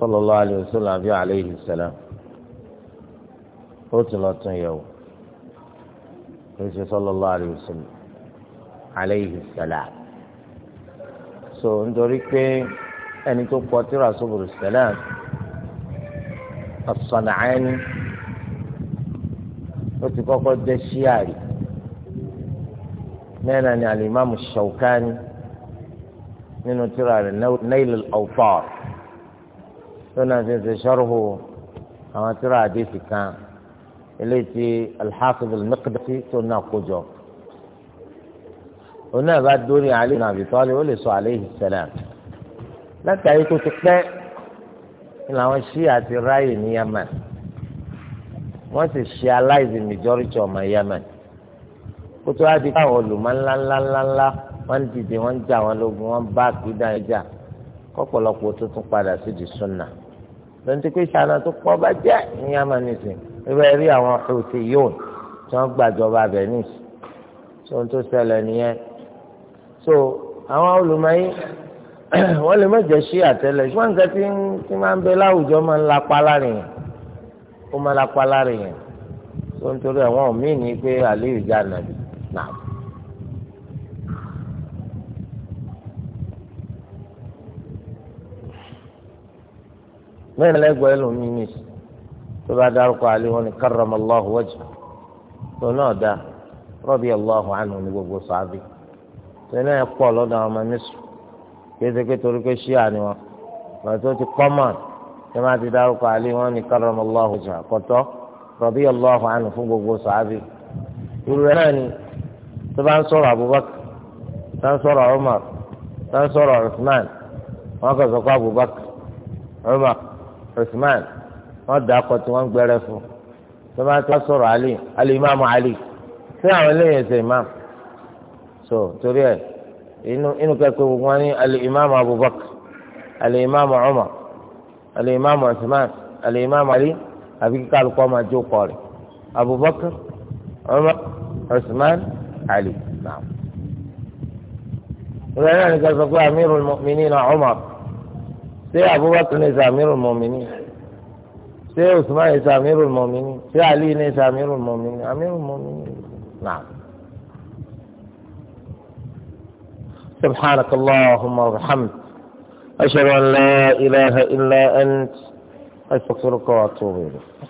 صلى الله عليه وسلم في عليه السلام قلت له تنيو صلى الله عليه وسلم عليه السلام سو so, اندوريك اني توقف ترى صبر السلام الصنعاني وتقوقع الدشياري نانا الإمام الشوكاني من ترى نيل الأوطار tó náà ti ṣe ṣọ́rùhù àwọn tíra àdéhùn kan eléyìí ti alḥafiz al-Maqdisi tó náà kó jọ oní àbá dórí Ali ibn Abi Talib ó lè sọ alayhi salam látàrí tó ti pẹ́ ní làwọn ṣíà ti ráàyè ní Yemen wọ́n sì ṣe aláìsí majority ọmọ Yemen kó tó wá di káwọn olùmọ̀ ńláńláńláńlá wọ́n dìde wọ́n jà wọ́n lógun wọ́n bá àkídà ẹjà kọ́pọ̀lọpọ̀ tó tún padà sí di sunna lọ́ntì pé ṣáná tó pọ̀ bá jẹ́ ní amánìsìn ẹgbẹ́ rí àwọn ọ̀sẹ̀ yóò tí wọ́n gbàjọba Venice tó ń tó ṣẹlẹ̀ nìyẹn so àwọn olùmọ̀yé wọ́n lè má jẹ́ sí àtẹlẹ ṣùgbọ́n nǹkan tí tí máa ń bẹ láwùjọ máa ń lapa lára yẹn ó máa lapa lára yẹn tó ń torí àwọn míì ní pé àlè ìjà nàbì náà. mẹ́rin lẹ́gbẹ̀ẹ́ ẹlòmíín ní ìsìn tó bá dárúkọ àlè wọn ni karramallahu wajha tó náà dá radiyallahu anhu ní gbogbo sàbí tó náà pọ̀ lọ́dọ̀ àwọn ọmọ nísù kéékèèké torí pé ṣíà ni wọn pàtó ti kọ́mọ̀ tó máa ti dárúkọ àlè wọn ni karramallahu wajha kọ́tọ́ radiyallahu anhu fún gbogbo sàbí ìrù náà ni tó bá ń sọ̀rọ̀ Abubakar tó ń sọ̀rọ̀ Umar tó ń sọ̀rọ̀ Usman wọn kò sọ pé Abubakar Umar. Usman wọ́n dà kọ́ tí wọ́n gbẹrẹ fún tó bá tó sọ̀rọ̀ Ali Ali imaamu Ali sí àwọn eléyìí ẹsẹ̀ imam so torí ẹ inú inú kẹ́kọ̀ọ́ gbogbo wọn ní Ali imaamu Abubakar Ali imaamu Umar Ali imaamu Usman Ali imaamu Ali àbí kíkọ́ alùpùpù ọmọ àjò kọ́ rẹ̀ Abubakar Umar Usman Ali naam. ìrẹ̀lẹ̀ nìkan sọ pé Amirul Mu'minin Umar ṣé abubakar ní sàmírù mọ̀mìnì ṣé usman ní sàmírù mọ̀mìnì ṣé ali ní sàmírù mọ̀mìnì amírù mọ̀mìnì náà. سبحانك اللهم وبحمدك أشهد أن لا إله إلا أنت أستغفرك وأتوب إليك